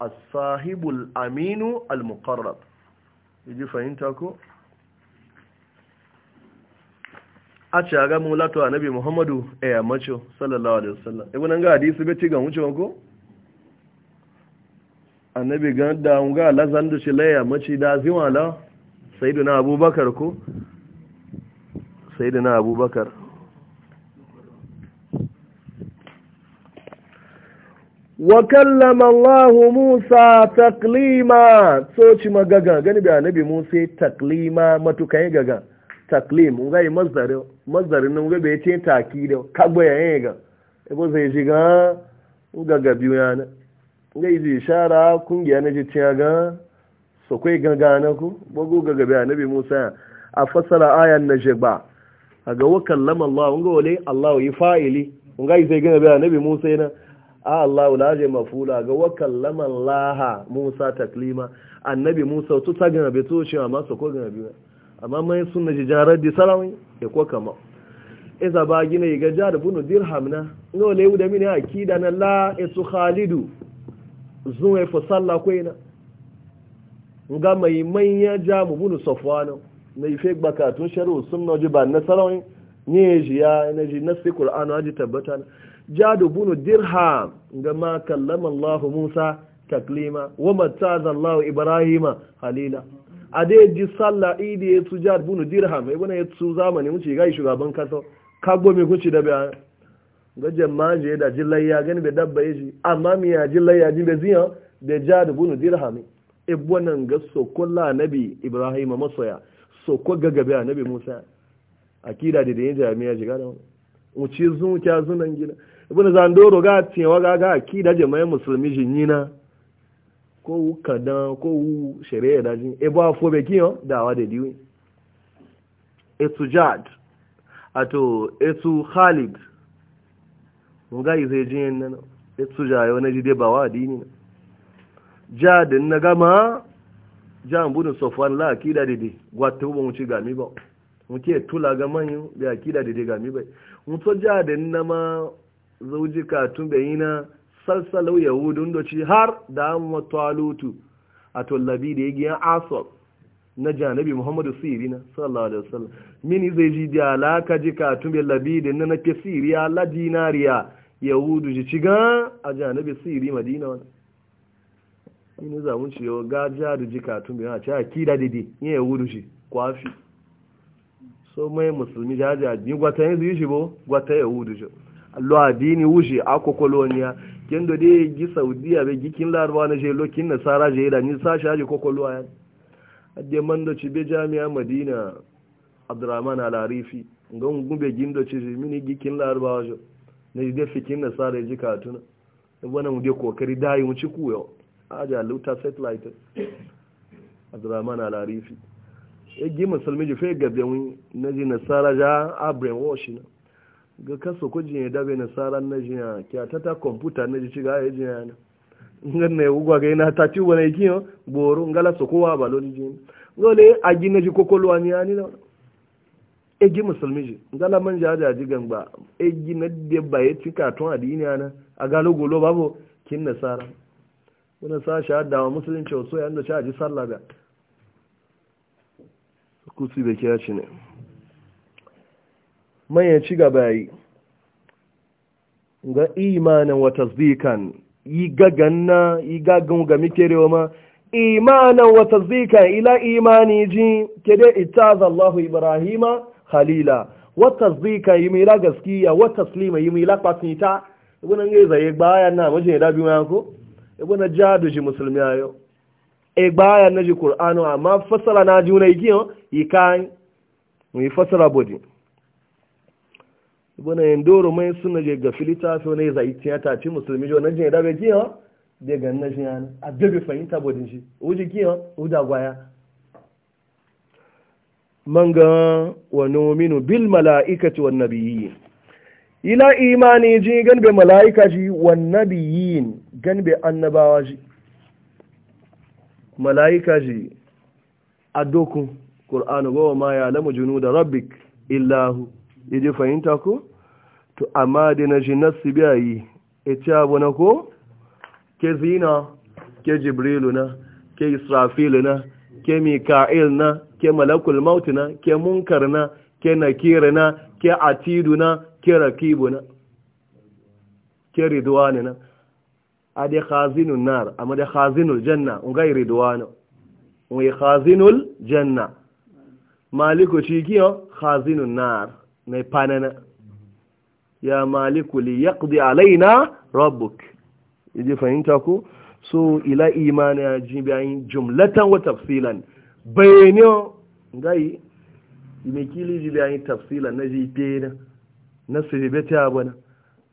as-sahibul aminu al-muqarrab yaji fahimta ko a ci a gamin lato eh, a nabi muhammadu a yammacin sallallahu alaihi wasallam ibi nan ga hadisi bai ci ga wucewa ko nabi gan damu ga lazan da shi la yammaci da ziwa la na abubakar ko na abubakar wa kallama allahu Musa taklima so ci magaga gani bi nabi Musa taklima matukan gaga taklim nga yi mazdari mazdari nan ga ya ce taki da kagbo ya yi ga ebo zai ji ga ga ga biyu ya na nga yi ji shara kungiya na ji ya ga so kai gaga na ku bugu ga na bi Musa a fasara ayan na jeba a ga wa kallama Allah nga wale Allah yi fa'ili nga yi zai ga na bi Musa na a Allah la je mafula ga wa kallama Allah Musa taklima annabi Musa to ta ga gabe to shi amma so ko ga gabe amma mai suna ji da di ya ko kama iza e ba gina yi ga jihar bunu dirham na ina wale yi da mini akida na la isu e khalidu zuwa ya e fasalla kwai na ga mai manya jamu bunu safwano na yi fake bakatun shari'u sun na ji ba na sarawin ne ji ya na ji na sai a ji tabbata jadu bunu dirham ga ma kallama allah musa taklima wa mattaza allah ibrahima halila a dai ji sallah idi ya su jihar bunu dirham ya bane ya su zamani mun ce gai shugaban kasa kago mai kuci da biya ga jama'a je da jilayya gani bai dabba ya ji amma mi ya jilayya ji bai ziyan da jihar bunu dirham ibwanan ga sokolla nabi ibrahim masoya soko gagabe nabi musa akida da dai yin jami'a shiga da wani uci zuciya zunan gida ibn zandoro ga cewa ga ga akida jama'a musulmi ko wu kadan ko wu da jin e ba fo be kiyan wa de diwi etu jad ato etu khalid mun ga zai jin nan etu yo na jide ba wa dini jad na gama jan bunu sofan la akida dide gwatu mu ci gami ba mu ke tula ga manyu da akida ga gami ba mu to jad na ma zauji ka tun yina. salsalau yahudun da ci har da an matalutu a tallabi da ya giya asor na janabi muhammadu siri na sallallahu alaihi wasallam mini zai ji da alaka ji ka tumbe labi da na nake siriya la dinariya yahudu ji ci gan a janabi siri madina wani mini mun ci yau gajiya da ji ka tumbe na ci a kida didi yin yahudu ji kwafi so mai musulmi jaja ni gwata yanzu yi shi bo gwata yahudu ji lo adini wuce akwai koloniya ken do dai gi saudiya be gi kin larba na je lokin na sara je da ni sa shaji ko kolwa ya adde man do ci be jami'a madina abdurrahman al-arifi ngon gumbe gindo ci mini gi kin larba jo ne de kin na sara ji katuna wannan mu de kokari dai mu ci kuyo aja luta satellite abdurrahman al-arifi e gi musulmi je fe gabe mun na ji nasara ja shi washington ga kaso ko jiya dabe na saran na jiya kya ta ta komputa na ji ciga ya jiya na ngan na. ugwa ga ina ta ci wona oh, boro ngala so ko wa balo ji jin ngole agi na ji kokolo ya ni na E ji musulmi ji ngala man ja da ji gangba ji e na de baye ka ton adini na aga logo lo babo kin na saran wannan sa sha da musulunci so yanda sha ji sallah ga kusi be kiyaci ne manyan ci gaba yi ga imanin wa tasdikan yi gaganna yi gagan ga mikerewa ma imanin wa tasdikan ila imani ji kede itaza Allahu Ibrahima khalila wa tasdikan yi mila gaskiya wa taslima yi mila kwasita. ibn ngai zaye gbaya na mujin da biyu yanko ibn jadu ji musulmi ayo e gbaya na ji qur'ano amma fasara na ji ne yi kan mu yi fasara bodi bana yin mai suna je ga ta fi wani zai tiya ta ci musulmi jo na jin da bai kiyo da ga na jiyan a bebe fahimta bodin shi uji kiyo uda gwaya manga wa nominu bil mala'ikati wan nabiyyin ila imani ji ganbe mala'ika ji wan nabiyyin ganbe annabawa ji mala'ika ji a dokun qur'anu gowa ma ya lamu da rabbik illahu yaje fahimta ko to amma da na jinnasu biya yi e ci abu na ko ke zina ke jibrilu na ke israfilu na ke mika'il na ke malakul mauti na ke munkar na ke nakira na ke atidu na ke rakibu na ke ridwani na a da khazinun nar amma da khazinul janna ungai ridwani ungai khazinul janna maliku shi kiyo khazinun nar Mai fanana ya maliku li yaqdi alaina rabbuk Iji fahimta ku so ila imani ya ji bayan jumlatan wa tafsilan bayaniyo gai me kili ji bayan tafsilan na ji pena na sirbe ta bana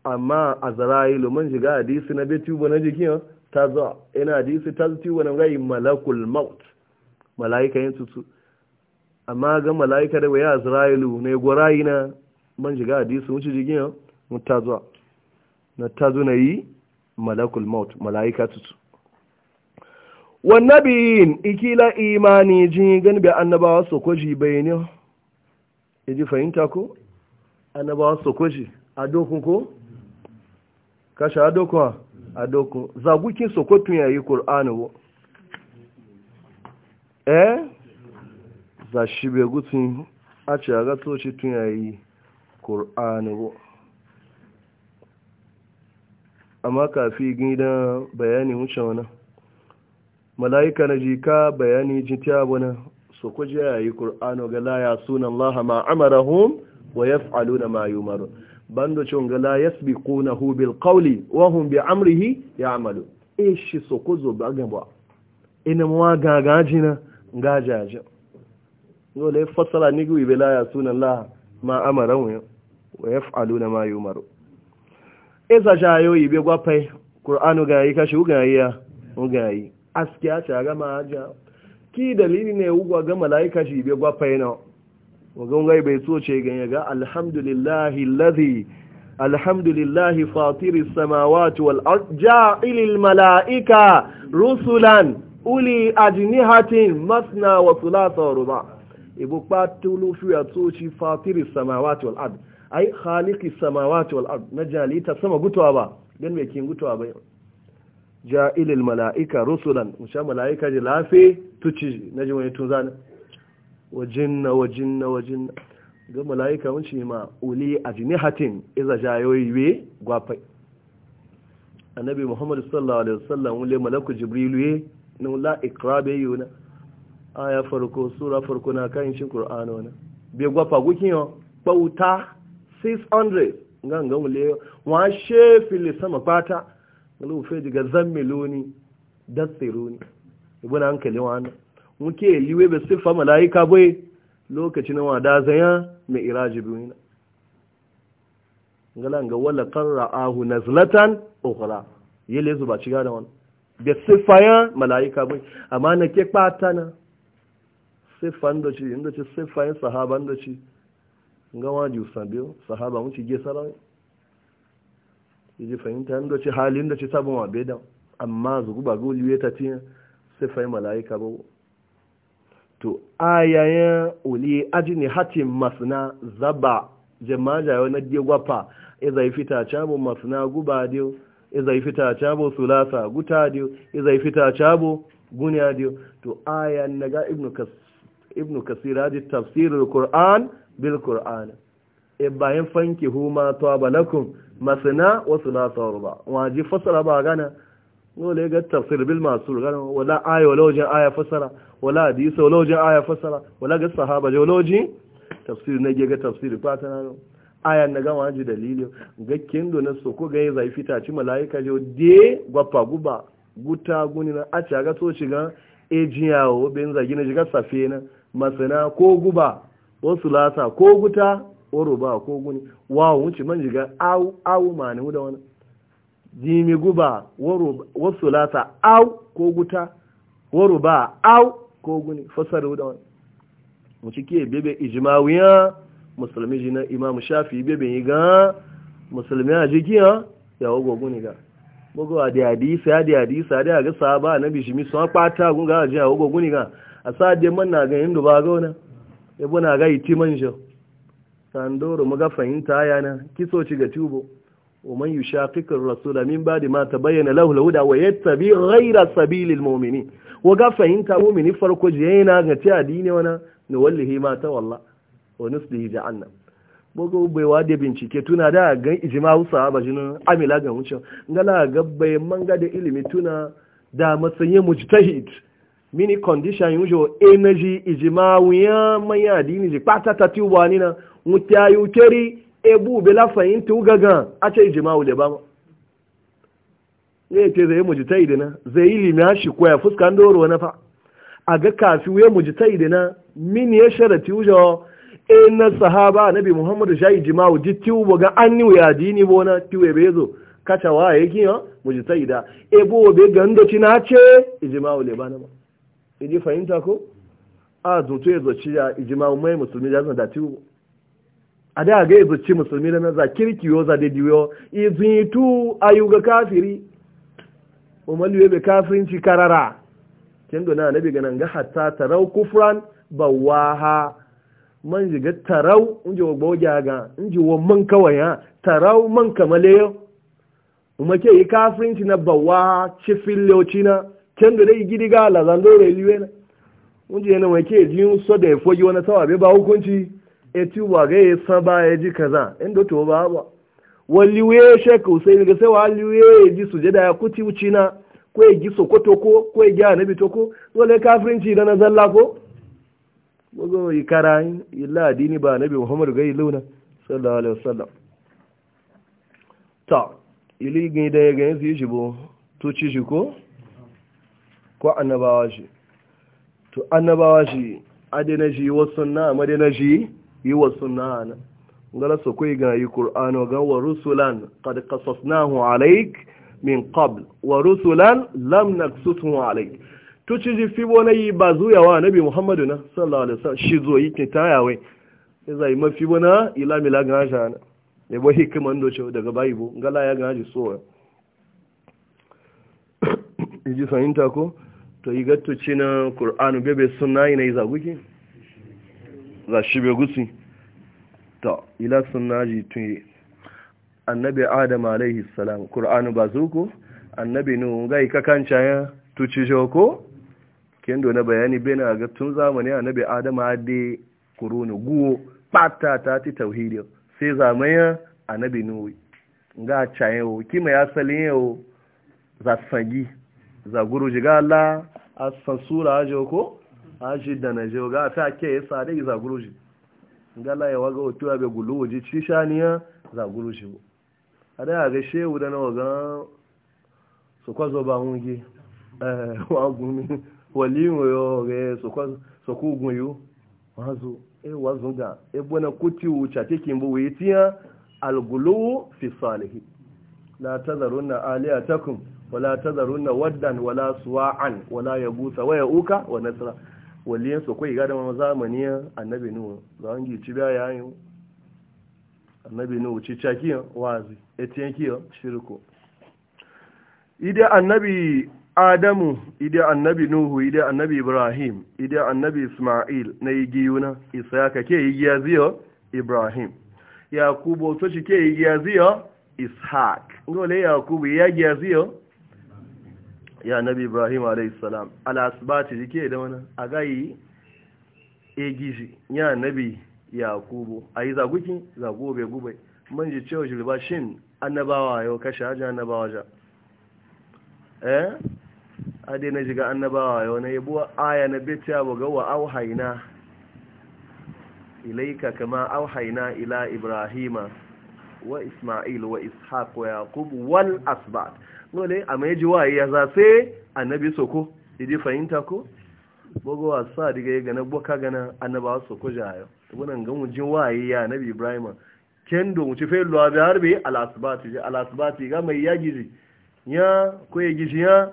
amma azrailu man shiga hadisi na betu bana jikin ta zo ina hadisi ta zuti na gai malakul maut malaika yin tutu amma ga mala'ika da waya Isra'ilu ne gwarayi na man shiga hadisi wuce jigin mutazuwa na tazo na yi malakul maut mala'ika tutu wannan biyin ikila imani jin gani bi annabawa sokoji bai ne ya ji fahimta ko annabawa sokoji a dokun ko kashe a dokun a dokun zagukin sokotun yayi ƙur'anu eh za shi bai gutsin a ce a gato tun yayi ƙor'ani ba amma kafi gidan bayani wuce wani mala'ika na jika bayani jita wani su kuje yayi ƙor'ani ga laya sunan laha ma hun wa na mayu maru bando cin ga la yasbiqunahu bil qawli wa hum bi amrihi In ishi su kuzo ba ga ina mawa ga gajajen dole fassara ni gwi bela ya sunan la ma amara wa yaf'aluna ma yumaru esa jayo ibe gwapai qur'anu ga yi kashu ga yi ya uga yi askiya cha ga ma aja ki dalili ne ugwa ga malaika shi ibe gwapai na ga ungai bai so ce ganye ga alhamdulillahi alladhi alhamdulillahi fatiris samawati wal ard ja'ilil malaika rusulan uli ajnihatin masna wa thulatha wa ruba' ibo patulu fi ya tsoci fatiri samawati wal ard ai khaliqi samawati wal ard na jalita sama gutuwa ba don me kin gutuwa ba ja'ilil mala'ika rusulan musha mala'ika ji lafi tuci na ji wani tun na, wajen na, wajen na. ga mala'ika wunci ma uli a jinihatin iza jayoyi we gwafai annabi muhammadu sallallahu alaihi wasallam wule malaku jibrilu ye na wula yi wuna aya farko sura farko na kayan cin ƙur'ana wani bai gwafa gukiyo bauta 600 ngan ga wule wa shefi le sama fata wani ufe diga zammiloni dastironi ibuna hankali wani muke liwe bai siffa mala'ika bai lokacin wa da zanya mai iraji biyu ngala nga wala ahu nazlatan ukhra yele zuba ciga da wani bai siffa ya mala'ika bai amma na ke patana siffan da ci inda ci siffayin sahaban da ci ga waji sabiyo sahaba mun ci gesara yaji fahimta inda ci halin da ci sabon wa bedan amma zugu ba goli ta tiya siffayin malaika ba to ayayen uli ajini hatin masna zaba jama'a yau na gegwafa izai e fita cabo masna guba diyo, izai e fita cabo sulasa guta diyo, izai e fita cabo guniya diyo, to ayan naga ibnu kas ibnu kasir hadi tafsirul qur'an bil qur'an e bayan fanki huma tawaba lakum masana wa thulatha ruba waji fasara ba gana dole ga tafsir bil masur gana wala aya wala wajin aya fasara wala hadisi wala wajin aya fasara wala ga sahaba jawloji tafsir na ga tafsir fatana no aya na gama ji dalilin ga kendo na soko ga ya zai fita ci malaika jo de gwapa guba guta gunina, na a ci ga so shiga ejiyawo ben zagi shiga safe na masana ko guba wasu lasa ko guta oro ba ko guni wawo wuce man jiga au au ma da wani jimi guba wasu lasa au ko guta waro ba au ko guni fasar da wani mu cike bebe ijmawiya musulmi jina imam shafi bebe yi ga musulmi a jikiya ya wago guni ga gbogbo a dihadisi a dihadisi a dihadisi a ga saba na bi shi miso kpata gun ga ajiya ogo guni ga a sadi man na ga hindu ba gona e bu na ga man jo sandoro mu fahimta yana kiso ci ga tubo umar yi sha kikin rasu da min ba di bayyana lahu lahu da waye tabi raira sabilin momini fahimta momini farko jiyayi na ga ci a dini wana ni ma ta walla wani su da yi da annan gbogbo baiwa da bincike tuna da gan ijima hausa ba jinin amila ga wucin ngala ga bai manga da ilimi tuna da matsayi mujtahid mini condition yujo energy ijima wuya manya dini ji pata ta ni na mutya yukeri ebu bela fahimta a ce ijima wule ba na sahaba nabi muhammadu shayi jima'u ji tiwo ga an ni wuya dini bo na tiwo be zo kacha wa yake yo mujtaida e bo be gando tina ce ijma'u le bana ma idi fahimta ko a zo to yazo e ci ya ijma'u mai musulmi da zan da tiwo a da ga yazo e ci musulmi da na za kirki yo za da diwo izin e tu ayuga kafiri o malwe be kafirinci karara kin do na nabi ganan ga hatta tarau kufran bawaha man jiga tarau inji wa gboja ga inji wa man kawai ha tarau man kamale yau kuma ke yi kafirinci na bawa cifin leuci na can da dai gidi ga lazando da liwe na ji yana mai ke ji so da ya fogi wani sawa bai ba hukunci e ti wa ga ya sa ba ya ji kaza inda to ba ba waliwe shekau sai ga sai wa liwe ya ji sujada ya kuti wuci na ko ya ji sokoto ko ko ya ji anabi to ko dole kafirinci da na zalla ko bugo yi karayi illa dini ba nabi muhammad ga yi launa sallallahu alaihi wasallam ta ili da ya gani su yi shi bo to ci shi ko ko annabawa shi to annabawa shi adina shi wasu na madina shi yi wasu na na ngala su kai ga yi qur'ano ga wa rusulan qad qasasnahu alayk min qabl wa rusulan lam naqsusuhu alayk tuci ji fi bona yi ba zuya wa nabi muhammadu na sallallahu alaihi wasallam shi zo yi ke taya wai ya zai mafi bona ila mila gaja na ne bo hikiman do ce daga bayi bo ngala ya gaji so ya ji fahimta ko to yi gatto ci na qur'anu bebe sunna yi na yi zaguki za shi be gusi to ila sunna ji tun annabi adam alaihi salam qur'anu bazuko annabi nu ga ikakan ya tuci ko? kendo na bayani bena ga tun zamani annabi adama adi kurunu guwo ɓata ta ti tauhidi sai a annabi nuwi nga chayo kima ya salin yo za sangi za guru jiga la asan sura ajo ko aji da na ga ta ke sa yi za guru ji nga la ya waga otu abe gulu ji cishaniya za guru ji ada ga shehu da na waga su kwazo ba hungi eh wa gumi walimu yoge sokugun yu wazo e wazo ga e bwana kuti uchate kimbu witia alghulu fi salihi la tadharuna aliyatakum wala tadharuna waddan wala suwa'an wala yabusa wa yauka wa nasra waliyan sokwa igada ga zamani annabi nu zangi ci biya yayin annabi nu ci chakiyo wazi etiyen shirku ide annabi adamu ide annabi nuhu ide annabi ibrahim ide annabi isma'il na yi ya isaka ke giya ziyo ibrahim yakubu to shi ke giya ziyo ishaq ngole yakubu ya giya ziyo ya annabi ibrahim alayhi salam ala asbati ke da wana agayi egiji ya annabi yakubu ayi zaguki zagobe gube manje cewa shi shin annabawa yau kashe haja annabawa ja eh hade na shiga annabawa yau na yabo aya na bita buga wa auhaina ilaika kama auhaina ila ibrahima wa isma'il wa ishaq wa yaqub wal asbat dole a mai jiwa ya zase sai annabi soko idi fahimta ko bugu wasa diga ga na boka gana annabawa soko jayo wannan ga mu jin waye ya annabi ibrahima kendo mu ci fe lo abi harbi al asbat al asbat ga mai yagiji ya ko yagizi ya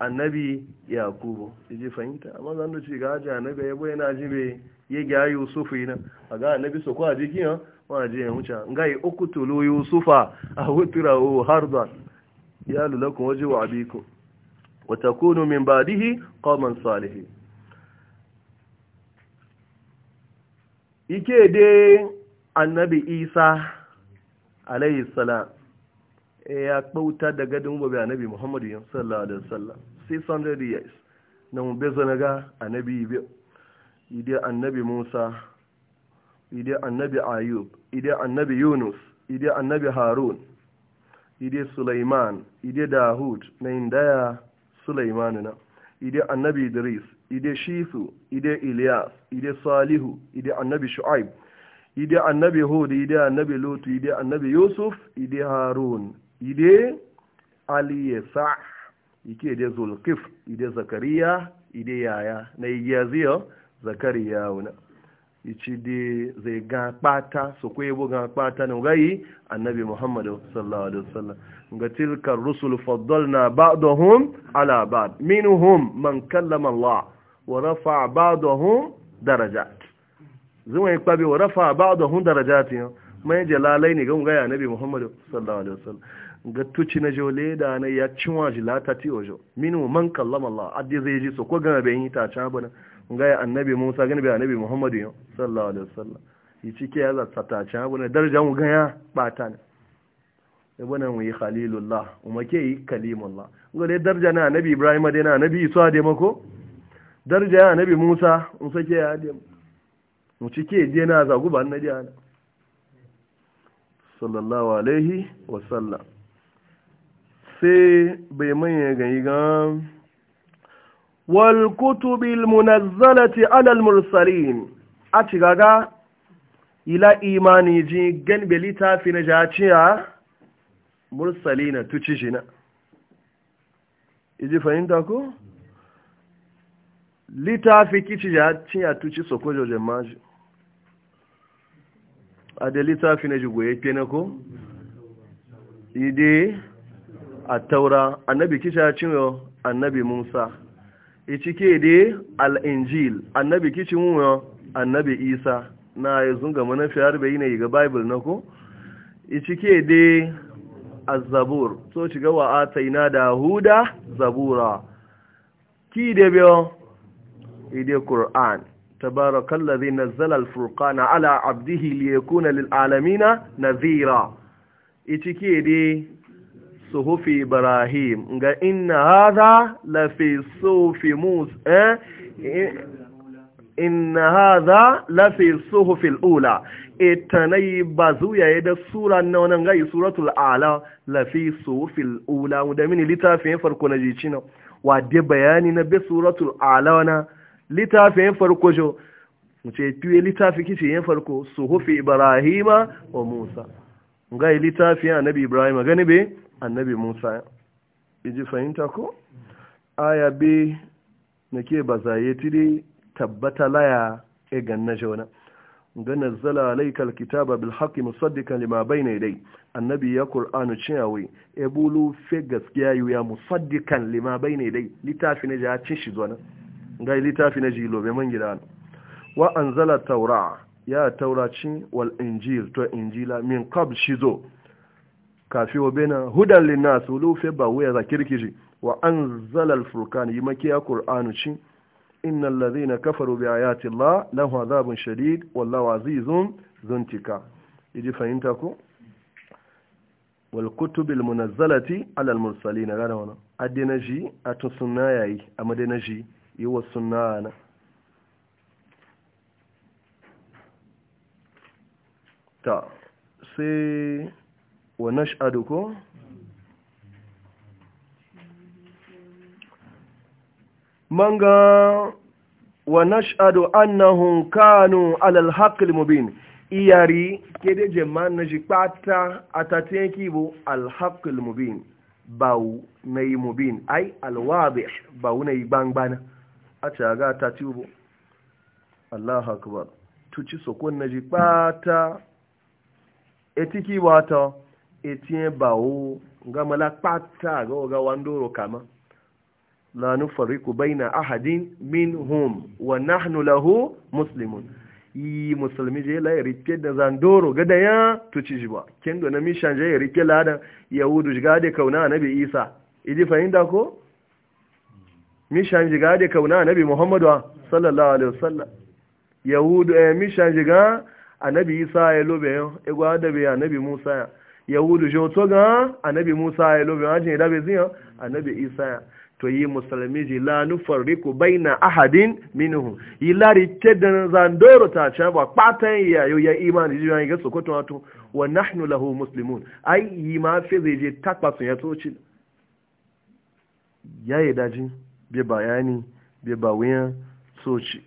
annabi yakubu ji fahimta amma zan da ci ga aji annabi yabo yana ji be ya ga yusufu ina a ga annabi so ko aji kiyan wa aji ya wuce ga yi uktulu yusufa a hutura o harba ya lulakum waje wa abiku wa takunu min ba'dihi qauman salihin ike dai annabi isa alayhi salam Eh, ya kbauta da gadin babu annabi muhammadu sallallahu alaihi wasallam 600 years na mu bezo na ga annabi be ide annabi musa ide annabi ayub ide annabi yunus ide annabi harun ide sulaiman ide dahud na indaya sulaiman na ide annabi idris ide shisu ide ilyas ide salihu ide annabi shu'aib ide annabi hud ide annabi lutu ide annabi yusuf ide harun ide aliyasa ike de zulkif ide zakariya ide yaya na igiyaziyo zakariya wuna ichi de zai ga kpata su kwaye ebo ga kpata na gayi annabi muhammadu sallallahu alaihi wasallam ga tilka rusul faddalna ba'dahum ala ba'd minhum man kallama allah wa rafa ba'dahum darajat zuwa bi wa rafa ba'dahum darajat mai jalalai ne ga gaya annabi muhammadu sallallahu alaihi wasallam ga tuci na jole da na ya cinwa ji latati ojo minu man kallama Allah adde zai ji so ko gana bai yi ta ca bana ga ya annabi Musa gani bai annabi Muhammadu yo sallallahu alaihi wasallam yi cike ya zata ta ca bana darajan mu ga ya bata ne ya bana mu yi khalilullah umma ke yi kalimullah ga dai daraja na annabi Ibrahim da na annabi Isa da mako daraja ya annabi Musa mu sake ya da mu cike dai na zaguba annabi sallallahu alaihi wasallam sai bai manya yi gan wal kutubil munazzalati ala al mursalin ati gaga ila imani ji gan belita fi na jaciya mursalina tuci jina iji fahimta ko littafi kici jaciya tuci sokojo jemaji a da littafi na jigoye ke na ko ide a taura annabi kisha cinyo annabi musa icike de al'injil annabi kicin wuyo annabi isa na ya zunga manafi har bai yi ga bible na ku icike de azabur so shiga wa ataina da huda zabura ki de biyo ide qur'an tabarakallazi nazzala al-furqana ala abdihi liyakuna lil alamin nadhira icike suhufi ibrahim ga inna hadha la fi suhufi musa eh inna hadha la fi suhufi al-ula itanai bazuya da sura na wannan suratul ala la fi suhufi al-ula da mini litafin farko na jicina wa de bayani na bi suratul ala na litafin farko jo mu ce tuye litafi kici yin farko suhufi Ibrahim wa musa ga litafi annabi ibrahima gani be annabi musa iji fahimta ko aya bi na ke ba zaye tiri tabbata laya e ganna jona ga nazzala alayka alkitaba bil haqqi musaddiqan lima bayna yaday annabi ya qur'anu chiyawi e bulu fe gaskiya yu ya musaddiqan lima bayna yaday litafi ne ja cin shi zona ga litafi ne ji lobe man gida wa anzala tawra ya chi wal injil to injila min qabl shizo kafi wa bena hudan linnas lufe ba wuya za kirkiji wa anzala al-furqan yimakiya ci cin innal ladhina kafaru bi ayati allah lahu adhabun shadid wallahu azizun zuntika idi fahimta ko wal kutub al munazzalati ala al mursalin gana wana adinaji atun sunna yayi amadinaji yiwa sunna na ta sai wa nash'adu ko manga wa nash'adu annahum kanu ala al mubin iyari kede jeman na pata atatin kibo al-haqq al-mubin bawu na yi mubin ai alwabe bawu na yi gbangbana a tatubo allah akbar tuci sokon na pata etiki wata etinye bawo ga mala kpata ga oga wandoro kama la fariku baina ahadin minhum wa nahnu lahu muslimun yi musulmi je la rike da zandoro ga da ya tuci ci ba ken do na mishan je rike la da yahudu shiga da kauna nabi isa idi fahimta ko mishan shanje da kauna nabi muhammadu sallallahu alaihi wasallam yahudu eh mishan jiga annabi isa ya lobe yo egwa da be annabi musa ya yahudu jo to ga annabi musa ya lobe wa jin dabe ziyan annabi isa to yi musulmi ji la nufarriku baina ahadin minuhu, minhum ilari kedan zandoro ta cha ba patan ya yo ya imani ji yi ga sokoto wato wa nahnu lahu muslimun ai yi ma fi zai je takwa sun ya toci ya yi daji bai bayani bi ba wuyan toci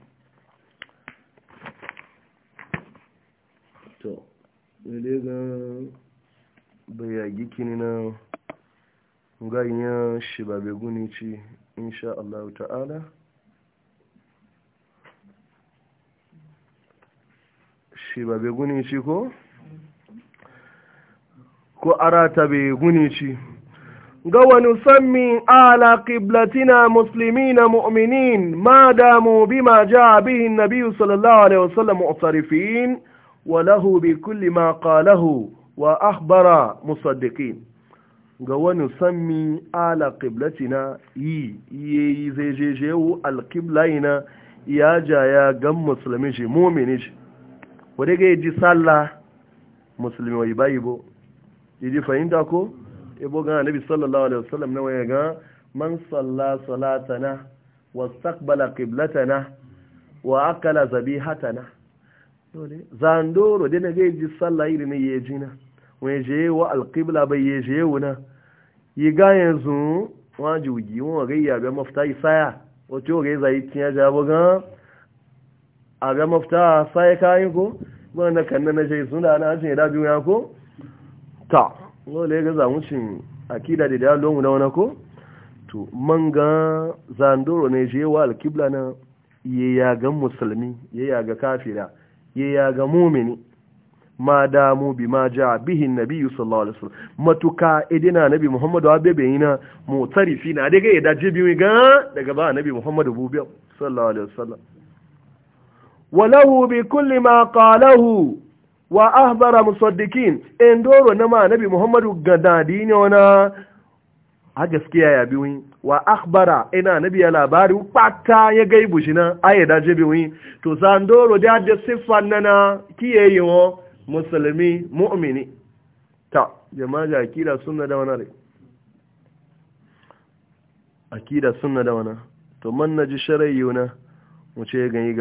to ne Baya kini na ganyen shi ba beguni ci insha Allah ta'ala shi ba beguni ci ko? ko arata beguni ci ga wani sami ala qiblatina muslimina mu'minin ma damu ma ja bihin nabiyu sallallahu alaihi wasallam mu'tarifin wa lahu bi kulli ma qalahu wa akhbara musaddiqin ga wani sami ala qiblatina yi yi zai je jewu alqiblaina ya ja ya gan musulmi shi mumini shi wadda ga ji sallah musulmi wa ibayi bo ji fahimta ko ibo ga nabi sallallahu alaihi wasallam na waya ga man salla salatana wastaqbala qiblatana wa akala zabihatana dole zandoro dena ga ji sallah irin ne yejina wani je wa alƙibla bai yi je wuna yi ga yanzu wọn jugi wọn rí abẹ mọfita isaya o tí ó rí zai tiẹ́ jabo gan abẹ mọfita sáyẹ kayan ko wọn na kan na ṣe suna na ṣe ìdá biyu ya ko ta wọ́n lè gaza wucin akida da da lomu na wani ko to man ga zandoro ne je wa alƙibla na ya ga musulmi ya ga kafira ya ga mumini ma damu bi ma ja bihin nabi sallallahu alaihi wasallam matuka idina nabi muhammadu wa bebe yana mutarifi na daga ya daje biyu ga daga ba nabi muhammadu bubi sallallahu alaihi wasallam walahu bi kulli ma qalahu wa ahbara musaddiqin endoro na ma nabi muhammadu ga ne wana a gaskiya ya biyu wa akhbara ina nabi ya labari pata ya gaibu shi na ayi daje biyu to zandoro da da siffan nana kiyeyo musulmi mu'mini ta jama'a ga akida sunna da wani akida sunna da wani to man na ji sharayi na mu ce gani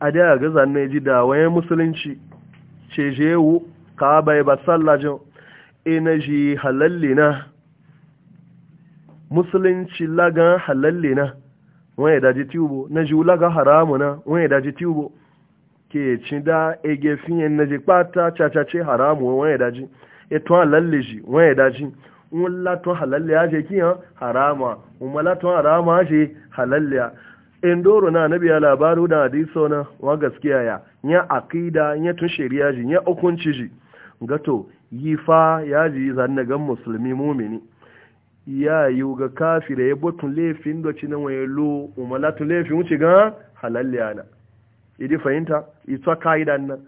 a da ga zanne ji da wayan musulunci ce jewu ka bai ba sallajin ina e ji halalli na musulunci lagan halalli na wani daji tubo na ji lagan haramu na wani daji tubo ke ci da ege yin na je pata cacace haramu wani ya daji eto halalle ji wani ya daji un laton halalle ya je kiyan harama un malaton harama ya je halalle ya indoro e, na nabi ya labaru da hadiso na wa gaskiya ya ya akida ya tun shari'a ji ya hukunci ji gato yi fa ya ji zanna gan musulmi mumini ya yi ga kafira ya e, botun laifin da cinan waye lo umma laifin wuce ga halalliya na. idi fahimta ita ka'idan nan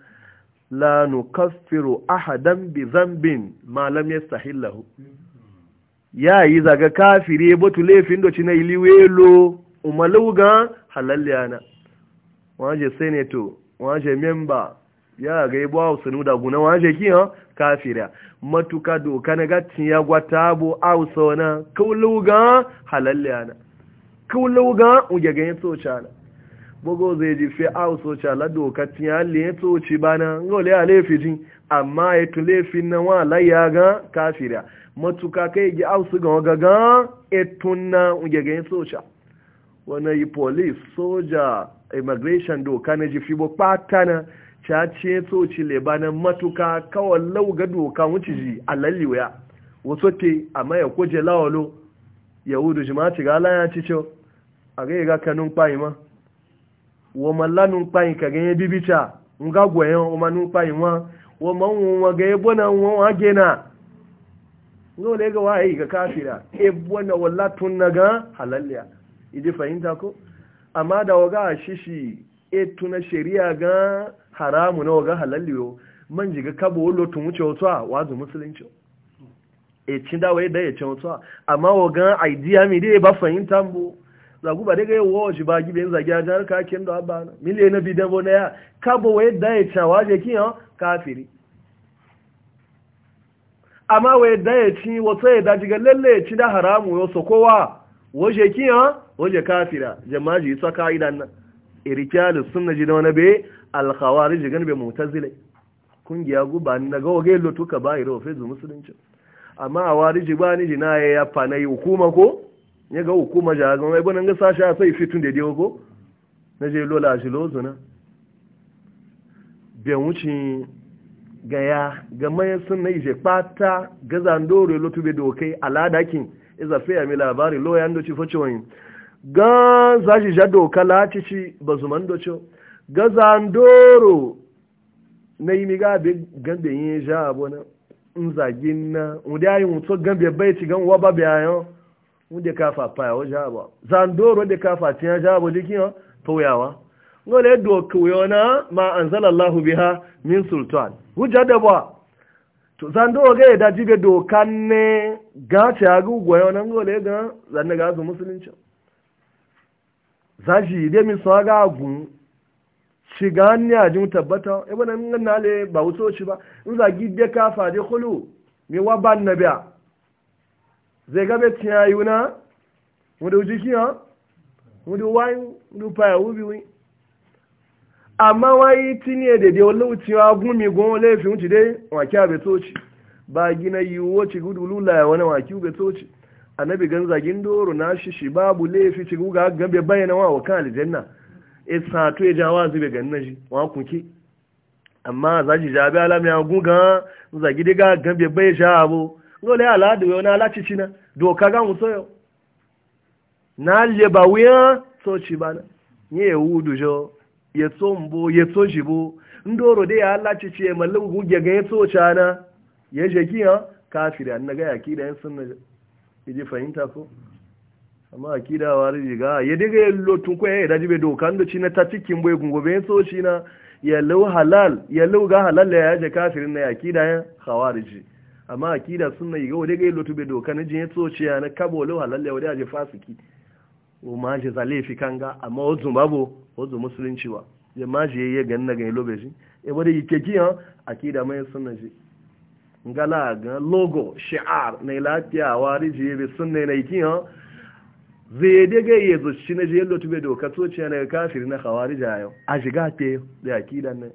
la nukaffiru ahadan bi zambin malam yastahillahu ya yi zaga kafire batu laifin doci na iliwelo umaluga halalliyana waje senator waje memba ya ga ibo a sunu da guna waje ha kafira matuka doka na gatti ya gwatabo abu a usana kauluga halalliyana kuluga uje ganyen tsoca na bugu zai ji fi aw soca la doka tiya le toci bana ngole a laifin amma ya tulefi na wa la ya ga kafira matuka kai ji aw ga ga e ga na ngege ga soca wana yi police soja immigration doka na ji fi bo patana cha ce toci le bana matuka kawai lauga doka wuci ji alalli waya amma ya kuje lawalo yahudu jima'a ci ga ala ya ci cewa a ga yi kanun kwayi ma wọ́n ma lánú páyìn kàgẹ́ yẹn bíbí tsa nga gọ̀yàn wọ́n ma nú páyìn wọn wọ́n ma ń wọn gẹ́ ebó na wọn wọn gẹ́ na nga wọ́n lè ga wáyé ga káfíra ebó na wọ́n látún na gan halalya ìdí fahimta ko amma da waga a shishi e tuna shari'a gan haramu na waga halalliyo man jiga kabo wolo tun wuce wato a wazu musulunci e cin dawaye yadda ya cin wato amma waga idea mi dai ba fahimta mu zagu ba daga yau waje ba gibe yin zagi a jihar kakin da abba na miliyan na bidan bo na ya kabo wa yadda ya cawa je kiyan kafiri amma wa yadda ya ci wata ya daji ga lalle ya ci da haramu ya so kowa waje kiyan waje kafira jama'a ji sa ka'idan nan sun na ji da wani be alkhawarij mu ta zile. kungiya guba na ga wage lotuka ba iro fe zu musulunci amma awariji ba ni jina ya fa na hukuma ko ya ga hukumar jagan wai bunan gasa sha sai fitun da dewa ko na je lola shi lozu na biyan wuce ga ya ga mai sun na ije pata ga zandore lotu be dokai ladakin iza fiya mai labari lo yan doci foce wani ga zaji ja doka latici ba su man doci ga zandoro na yi miga ga be gambe yin ja abona in zagin na mu da yi mutu gambe bai ci gan waba ba bayan wunde kafa paya o jaba zandoro de kafa tiya jabo dikiyo toyawa ngole do kuyona ma allah biha min sultan da ba to zandoro ge da jibe do kanne ga ta ga goyona ngole ga zanne ga su musulunci zaji de mi so ga gun shiga ne a jin tabbata ibn nan le ba wuso shi ba in zagi de kafa de khulu mi wa ban nabiya zai gabe tiya yuna wudu jikiya wudu wayin wudu paya wubi wi amma wayi tiniye da da wallo tiwa gumi gon fi wuce. dai wa kya be toci ba gina yiwo ci gudu lula ya wani wa kyu be toci annabi gan zagin doro na shi shi babu lefi ci guga gabe bayyana wa wa kan aljanna e sa to e jawa zube ganna shi wa kunki amma zaji jabe alamiya guga zagi diga gabe bai sha abu lole aladu yau ala alacici na doka ga muso yau na le ba wuya so ci ba na ye wudu jo ye so mbo ye so jibo ndoro de ya alacici e mallin guge ga ye so cha na ye je kiya kafiri an ga yakida yan sunna je fahimta ko amma akida wari ga ye de ga lotun ko e daji be doka ndo ci na ta cikin boye gungo be so ci na ya lau halal ya lau ga halal ya je kafirin na yakida yan khawariji amma akida sunna yi wode ga lotu be doka na jin tsociya na kabo lo halalle wadda aje fasiki o ma je zale fi kanga amma ozu o ozu musulunci wa je ma je ye ganna ga lobe shi e wode yike ki ha akida mai sunna ji ngala ga logo shi'ar na lafiya wari je be sunna na yiki ha zai daga ya zo shi na je lotube doka tsociya na kafir na khawarija yau a shiga te da akidan nan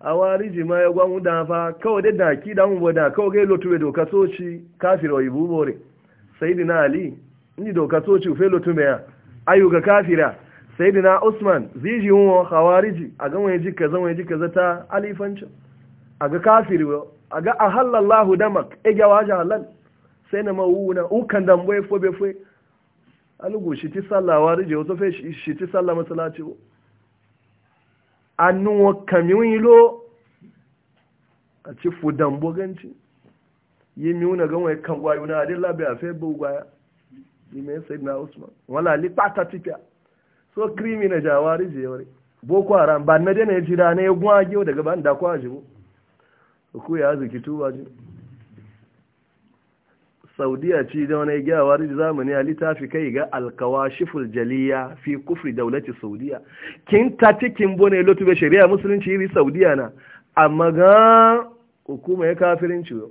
a wari jima ya gwamu da fa kawai da daki da mun boda kawai ga lotu be doka soci kafir wa ibu bore sayyidina ali ni doka soci fe lotu me ayu ga kafira sayyidina usman ziji mu khawariji aga wani ji kaza wani ji kaza ta alifanci aga kafir aga ahallallahu damak e ga waja halal sai na mawuna ukan dan boye fo be fo alugo shi ti sallawa rije wato fe shi ti sallama salati annuwa kamiyoyi lo a ci fudan boganci yi miuna gan ya kan gwayo na adin labi a fai bu yi mai sai na usman wala lipa ta tipiya so krimi na jawari jewari boko haram ba na dena ya jira na ya gwa daga ban da kwa jibo ku ya tuba jibo saudiya ci da wani gyawar da zamani a littafi kai ga alkawashiful jaliya fi kufri daulati saudiya kin ta cikin bone lotu bai shari'a musulunci iri saudiya na amma ga hukuma ya ciwo,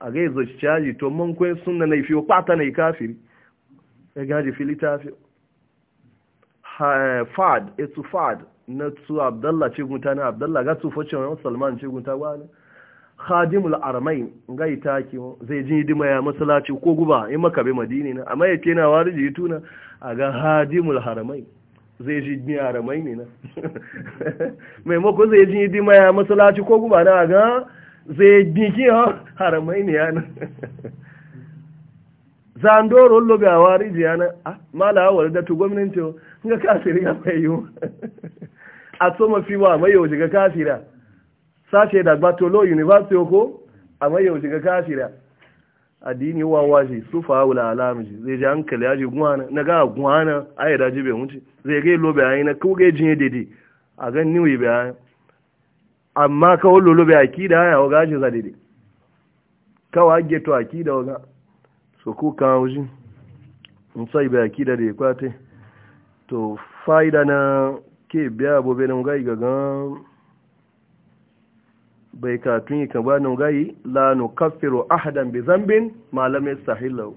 a ga ci caji to mun kwai sunna na fi kwata na kafiri ya gaji fi littafi fad etu fad na tu abdallah ce gunta na abdallah ga tu foce wa salman ce gunta wani khadimul armain ngai taki zai ji hidima ya masallaci ko guba in maka bai madini na amma yake na wariji tuna a ga khadimul haramain zai ji ni haramai ne na mako zai ji hidima ya masallaci ko guba na ga zai ji ki haramai ne yana zandoro lobe a wariji yana mala awar da tu gwamnati ga kasiri ga mai yo a so mafi wa mai yo ga kasira sashe da gbatolo university ko a amma yau shiga kafira addini wa waje su fa'ula alamiji zai ji hankali ya ji guwana na ga guwana a yi daji bai wuce zai gai lobe a yi na kuge jin ya dede a gan niwe bai haya amma kawo lolobe a ki da haya wa gashi za dede kawo age to a ki da waga so ku kan wuji in sai bai a ki da da kwate to fa'ida na ke biya bobe na mugayi gan. bai katun yi kan banin gayi la nu kafiru ahadan bi zambin malam ya sahilau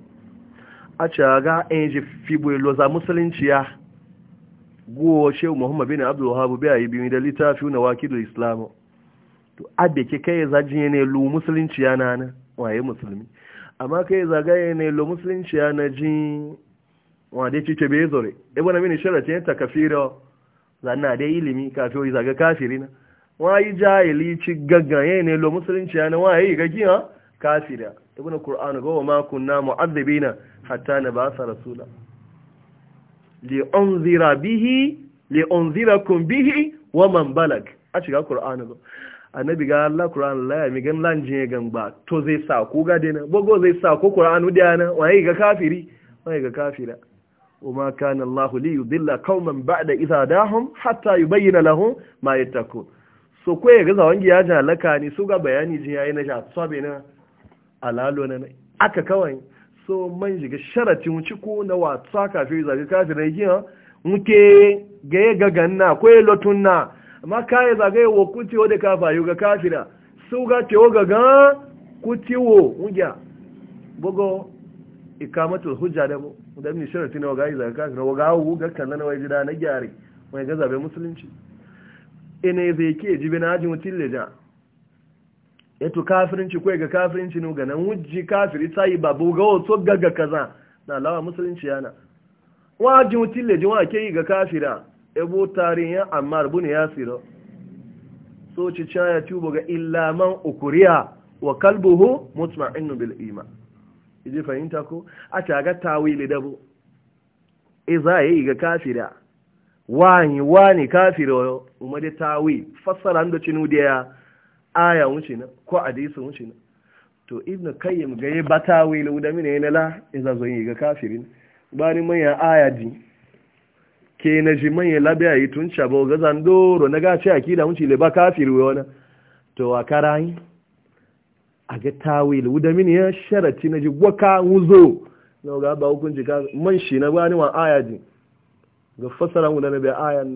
a caga in ji fibuyi loza musulunciya guwa shehu muhammad bin abdul wahab bai yi bi da littafi na wakilul islam to abe ke kai zaji ne lu musulunci musulunciya na na waye musulmi amma kai zagaye ne lu musulunci musulunciya na ji wanda ci ce bai zore ibn min sharati ta kafira zanna dai ilimi kafiri zaga kafirina wayi jahili ci gagganye ne lo musulunci yana wayi gagi ha kafira ibnu qur'an go ma kunna mu'adhibina hatta nabasa rasula li unzira bihi li unzirakum bihi wa man balag a shiga qur'an go annabi ga Allah qur'an la ya mi gan lanje gan ba to zai sa ku ga dena bogo zai sa ku qur'an udana wayi ga kafiri wayi ga kafira وما كان الله ليضل قوما بعد إذا داهم حتى يبين لهم ما يتكون so ko ya gaza wangi ya jalaka ne su ga bayani ji yayi na ja be na alalo na aka kawai so man jiga sharatin wuci ko na watsa kafin zaga kafin rajiya muke ga ya ga na ko ya lotun na amma ya zaga ya kuti wa da kafa yu ga kafira su ga ce wa gaga kutiwo ungiya bugo ikamatu hujja da mu da mu sharatin wa ga zaga kafira wa ga hu ga na wa jira na gyare mai gaza bai musulunci ina zai ke jibi na ajin mutum leja yato kafirinci kawai ga kafirinci ne na wujji kafiri ta yi babu ga wato gaga kaza na lawa musulunci yana wa ajin mutum leja wa ke yi ga kafira ebo tarin ya amma rubu ne ya siro so ci caya tubo ga ilaman ukuriya wa kalbuhu mutma'innu bil iman iji fahimta ko a taga tawili dabo e za a yi ga kafira wani wani kafiro umade tawi fassara ndo chinu dia aya wuce ko hadisi wuce to ibnu kayyim gaye yi batawi lu da mine ne la iza zo yi ga kafirin bani manya aya di ke na ji manya labiya yi tun chabo ga zandoro na ga ce akida wuce le ba kafiru yona to a karai a ga tawi lu da ya sharati na ji gwaka wuzo na ga ba hukunci ka man shi na bani wa aya di ga fasara mu na bai ayan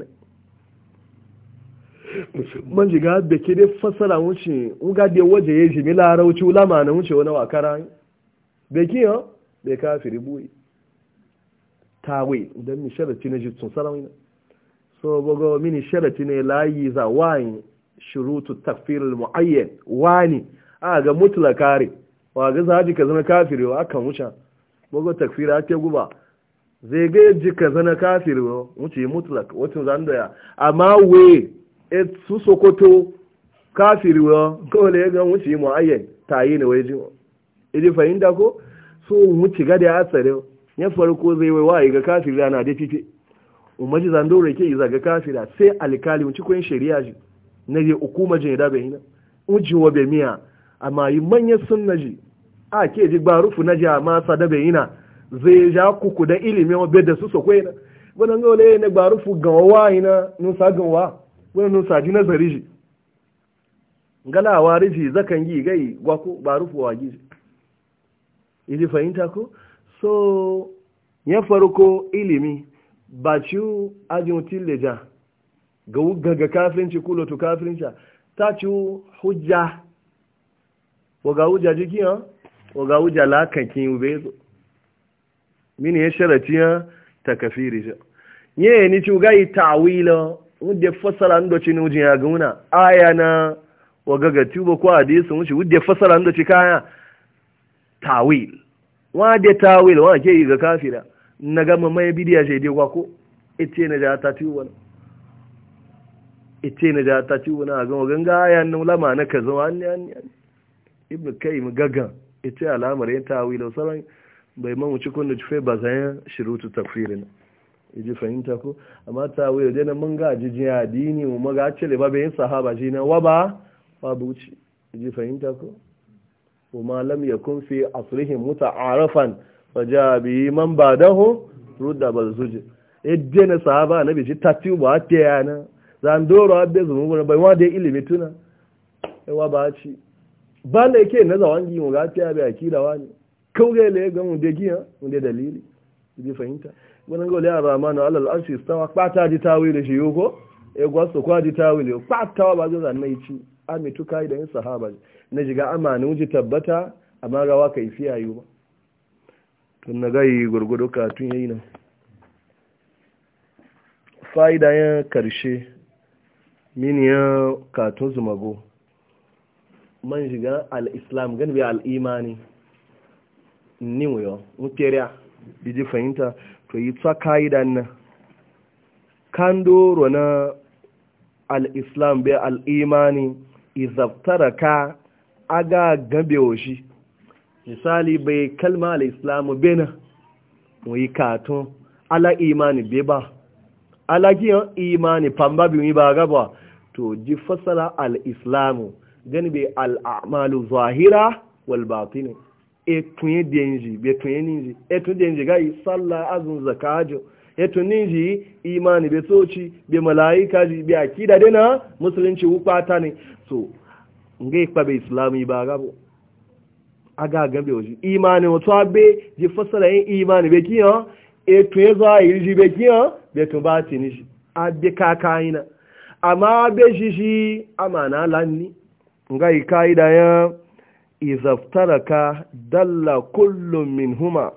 ne man ji ga da ke dai fasara wuce in ga da waje ya ji mila rauci ulama na wuce wani wakara bai ki ya kafi kafiri ta tawe don mi sharati na ji sun sarawai na so bogo mini sharati ne layi za wani shurutu takfir al muayyan wani a ga mutlaka kare. wa ga zaji ka zama kafiri wa kan wuce bogo a ta guba zai ga ji ka zana kafir wuce mutlak wacin zan da amma we et su sokoto kafir ba kawai ga wuce mu ayyan yi ne wai ji idi e fahimta ko so wuce gada ya tsare ya farko zai wai wai ga kafir na dafife umarci zan dora ke iza ga kafira sai alkali wuce koyin shari'a ji na je hukuma je da bai hina Wuce wa bai miya amma yi manyan sunnaji a ke ji ba rufu na ji amma sa da bai hina zai ja kuku da ilimi wa bai da su so kwai wani ga wale na gbaru fu ganwa ina nusa ganwa wani sa ji nazari ji gala wa ji zakan yi gai gwaku gbaru fu wa giji ili fahimta ko so ya farko ilimi ba ci ajin ja? ga gaga kafirinci kulo to kafirinci ta ci hujja wa ga hujja jikin wa ga hujja lakakin ubezo mini ya sharati ya takafiri ja ye ni ci ga yi ta'wila wudde fasara ndo ci nujin ya guna aya na wagaga tuba ko hadisi wuce wudde fasara ndo ci kaya ta'wil wa de ta'wil wa ke yi ga kafira na gama mai e bidiya je de kwa ko ite na ja ta tuba ite na ja ta tuba na gama ganga aya na ulama na kaza wa an an ibnu kayyim gaga ite alamar yin e tawilo sanan bai man wuce kun da cife ba zanen shirutu tafirin iji fahimta ko. amma ta wuyo dai na mun ga jijin dini. mu maga cele ba bai sahaba ji na waba ba bu wuce iji fahimta ku wa ma lam yakun fi asrihi muta'arafan fa ja bi man badahu rudda bal zuj idde na sahaba nabi ji tatiu ba ta yana zan doro abbe zumu bai wa dai ilimi tuna ewa ba ci ba ne ke na zawangi mu ga ta bi akida wani kauye le ga mu de giya mu de dalili bi fahimta wannan ga le arama mana alal arshi stawa kwata ji tawili shi yoko e gwaso kwa ji tawili wa ba ga zan mai ci ami tuka da yin sahaba na jiga amana wuji tabbata amma ga wa kaifiya yi ba tun na gai gurgudu ka tun yayi nan fa'ida ya karshe miniyan katun zumago man shiga al-islam gan bi al-imani new yo mukeriya biji fahimta to yi tsa ka'idan nan rona al na al'islam bai al'imani izabtara aga gabe shi misali bai kalma al'islamu bai na mu yi katon ala imani bai ba alagiyan imani pamba bi mi ba gaba to ji al al'islamu gani bai a'malu zahira wal batini etunye dienji betunye ninji etun dienji gai salla azun zakajo etun ninji imani be soci be malaika ji be akida dena musulunci wukpata ne so ngai be islami ba gabo aga gambe oji imani wato abe ji fasala yin imani be kiyan etun ya zuwa ji be kiyan betun ba ti nishi abe na amma abe jiji shi amana lanni nga ikaida ya izaftaraka dalla kullum min huma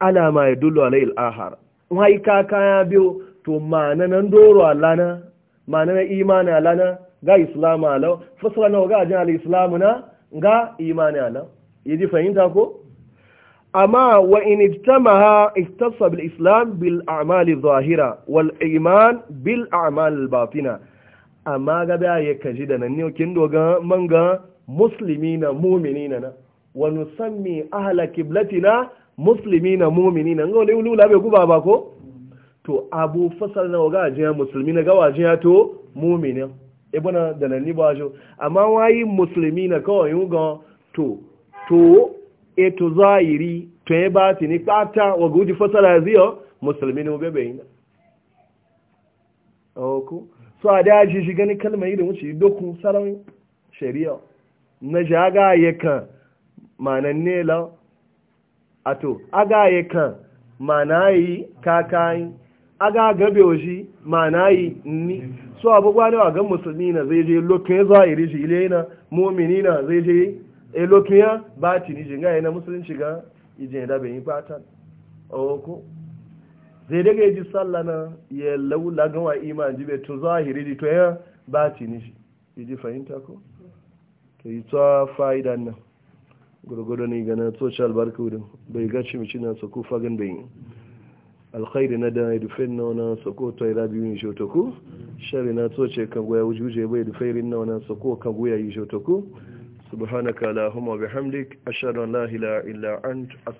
ala ma ya dullo layil ahar wai ka kaya biyu to ma'ana nan doro alana ma'ana na imani alana ga islamu alau fasara na waga ajin al'islamu na ga imani alau yi ji fahimta ko amma wa in ha iktasa bil islam bil a'mali zahira wal iman bil amali batina amma ga ba ya kaji da nan ne kin doga manga muslimina mu'minina na wa nusammi ahla qiblatina muslimina mu'minina ngo le ulula be guba ba ko to abu fasal na waga ajiya musulmina ga wajiya to mu'minin ibuna e da nan ni ba jo amma wayi muslimina kawai yugo to to e to zahiri to e bati ni kata wa guji fasala ziyo muslimina bebe ina oku so a daji shi gani kalmar irin wuce dokun sarawin shari'a na ji aga ya kan manan nela a to aga ya kan mana yi kakayi aga gabe wa shi mana yi ni so abubuwa ne wa gan musulmi na zai je lokacin ya zuwa iri shi ile na momini na zai je e lokacin ya ba ci ni shi ga yana musulunci ga ijin da bai yi fatan a zai daga ji sallah na ya laula gawa iman ji bai tun zahiri di to ya ba ci ni shi yaji fahimta ko to yi ta fa'ida nan gurgudu ne ganin social albarka wurin bai gaci ci mici na su ku bai alkhairi na da dufe na wani sako ta ira biyu yi ku? shari na toce kan goya wujuje bai rin na wani sako kan goya yi shotoku subhanaka lahumma bihamdik ashhadu an la ilaha illa ant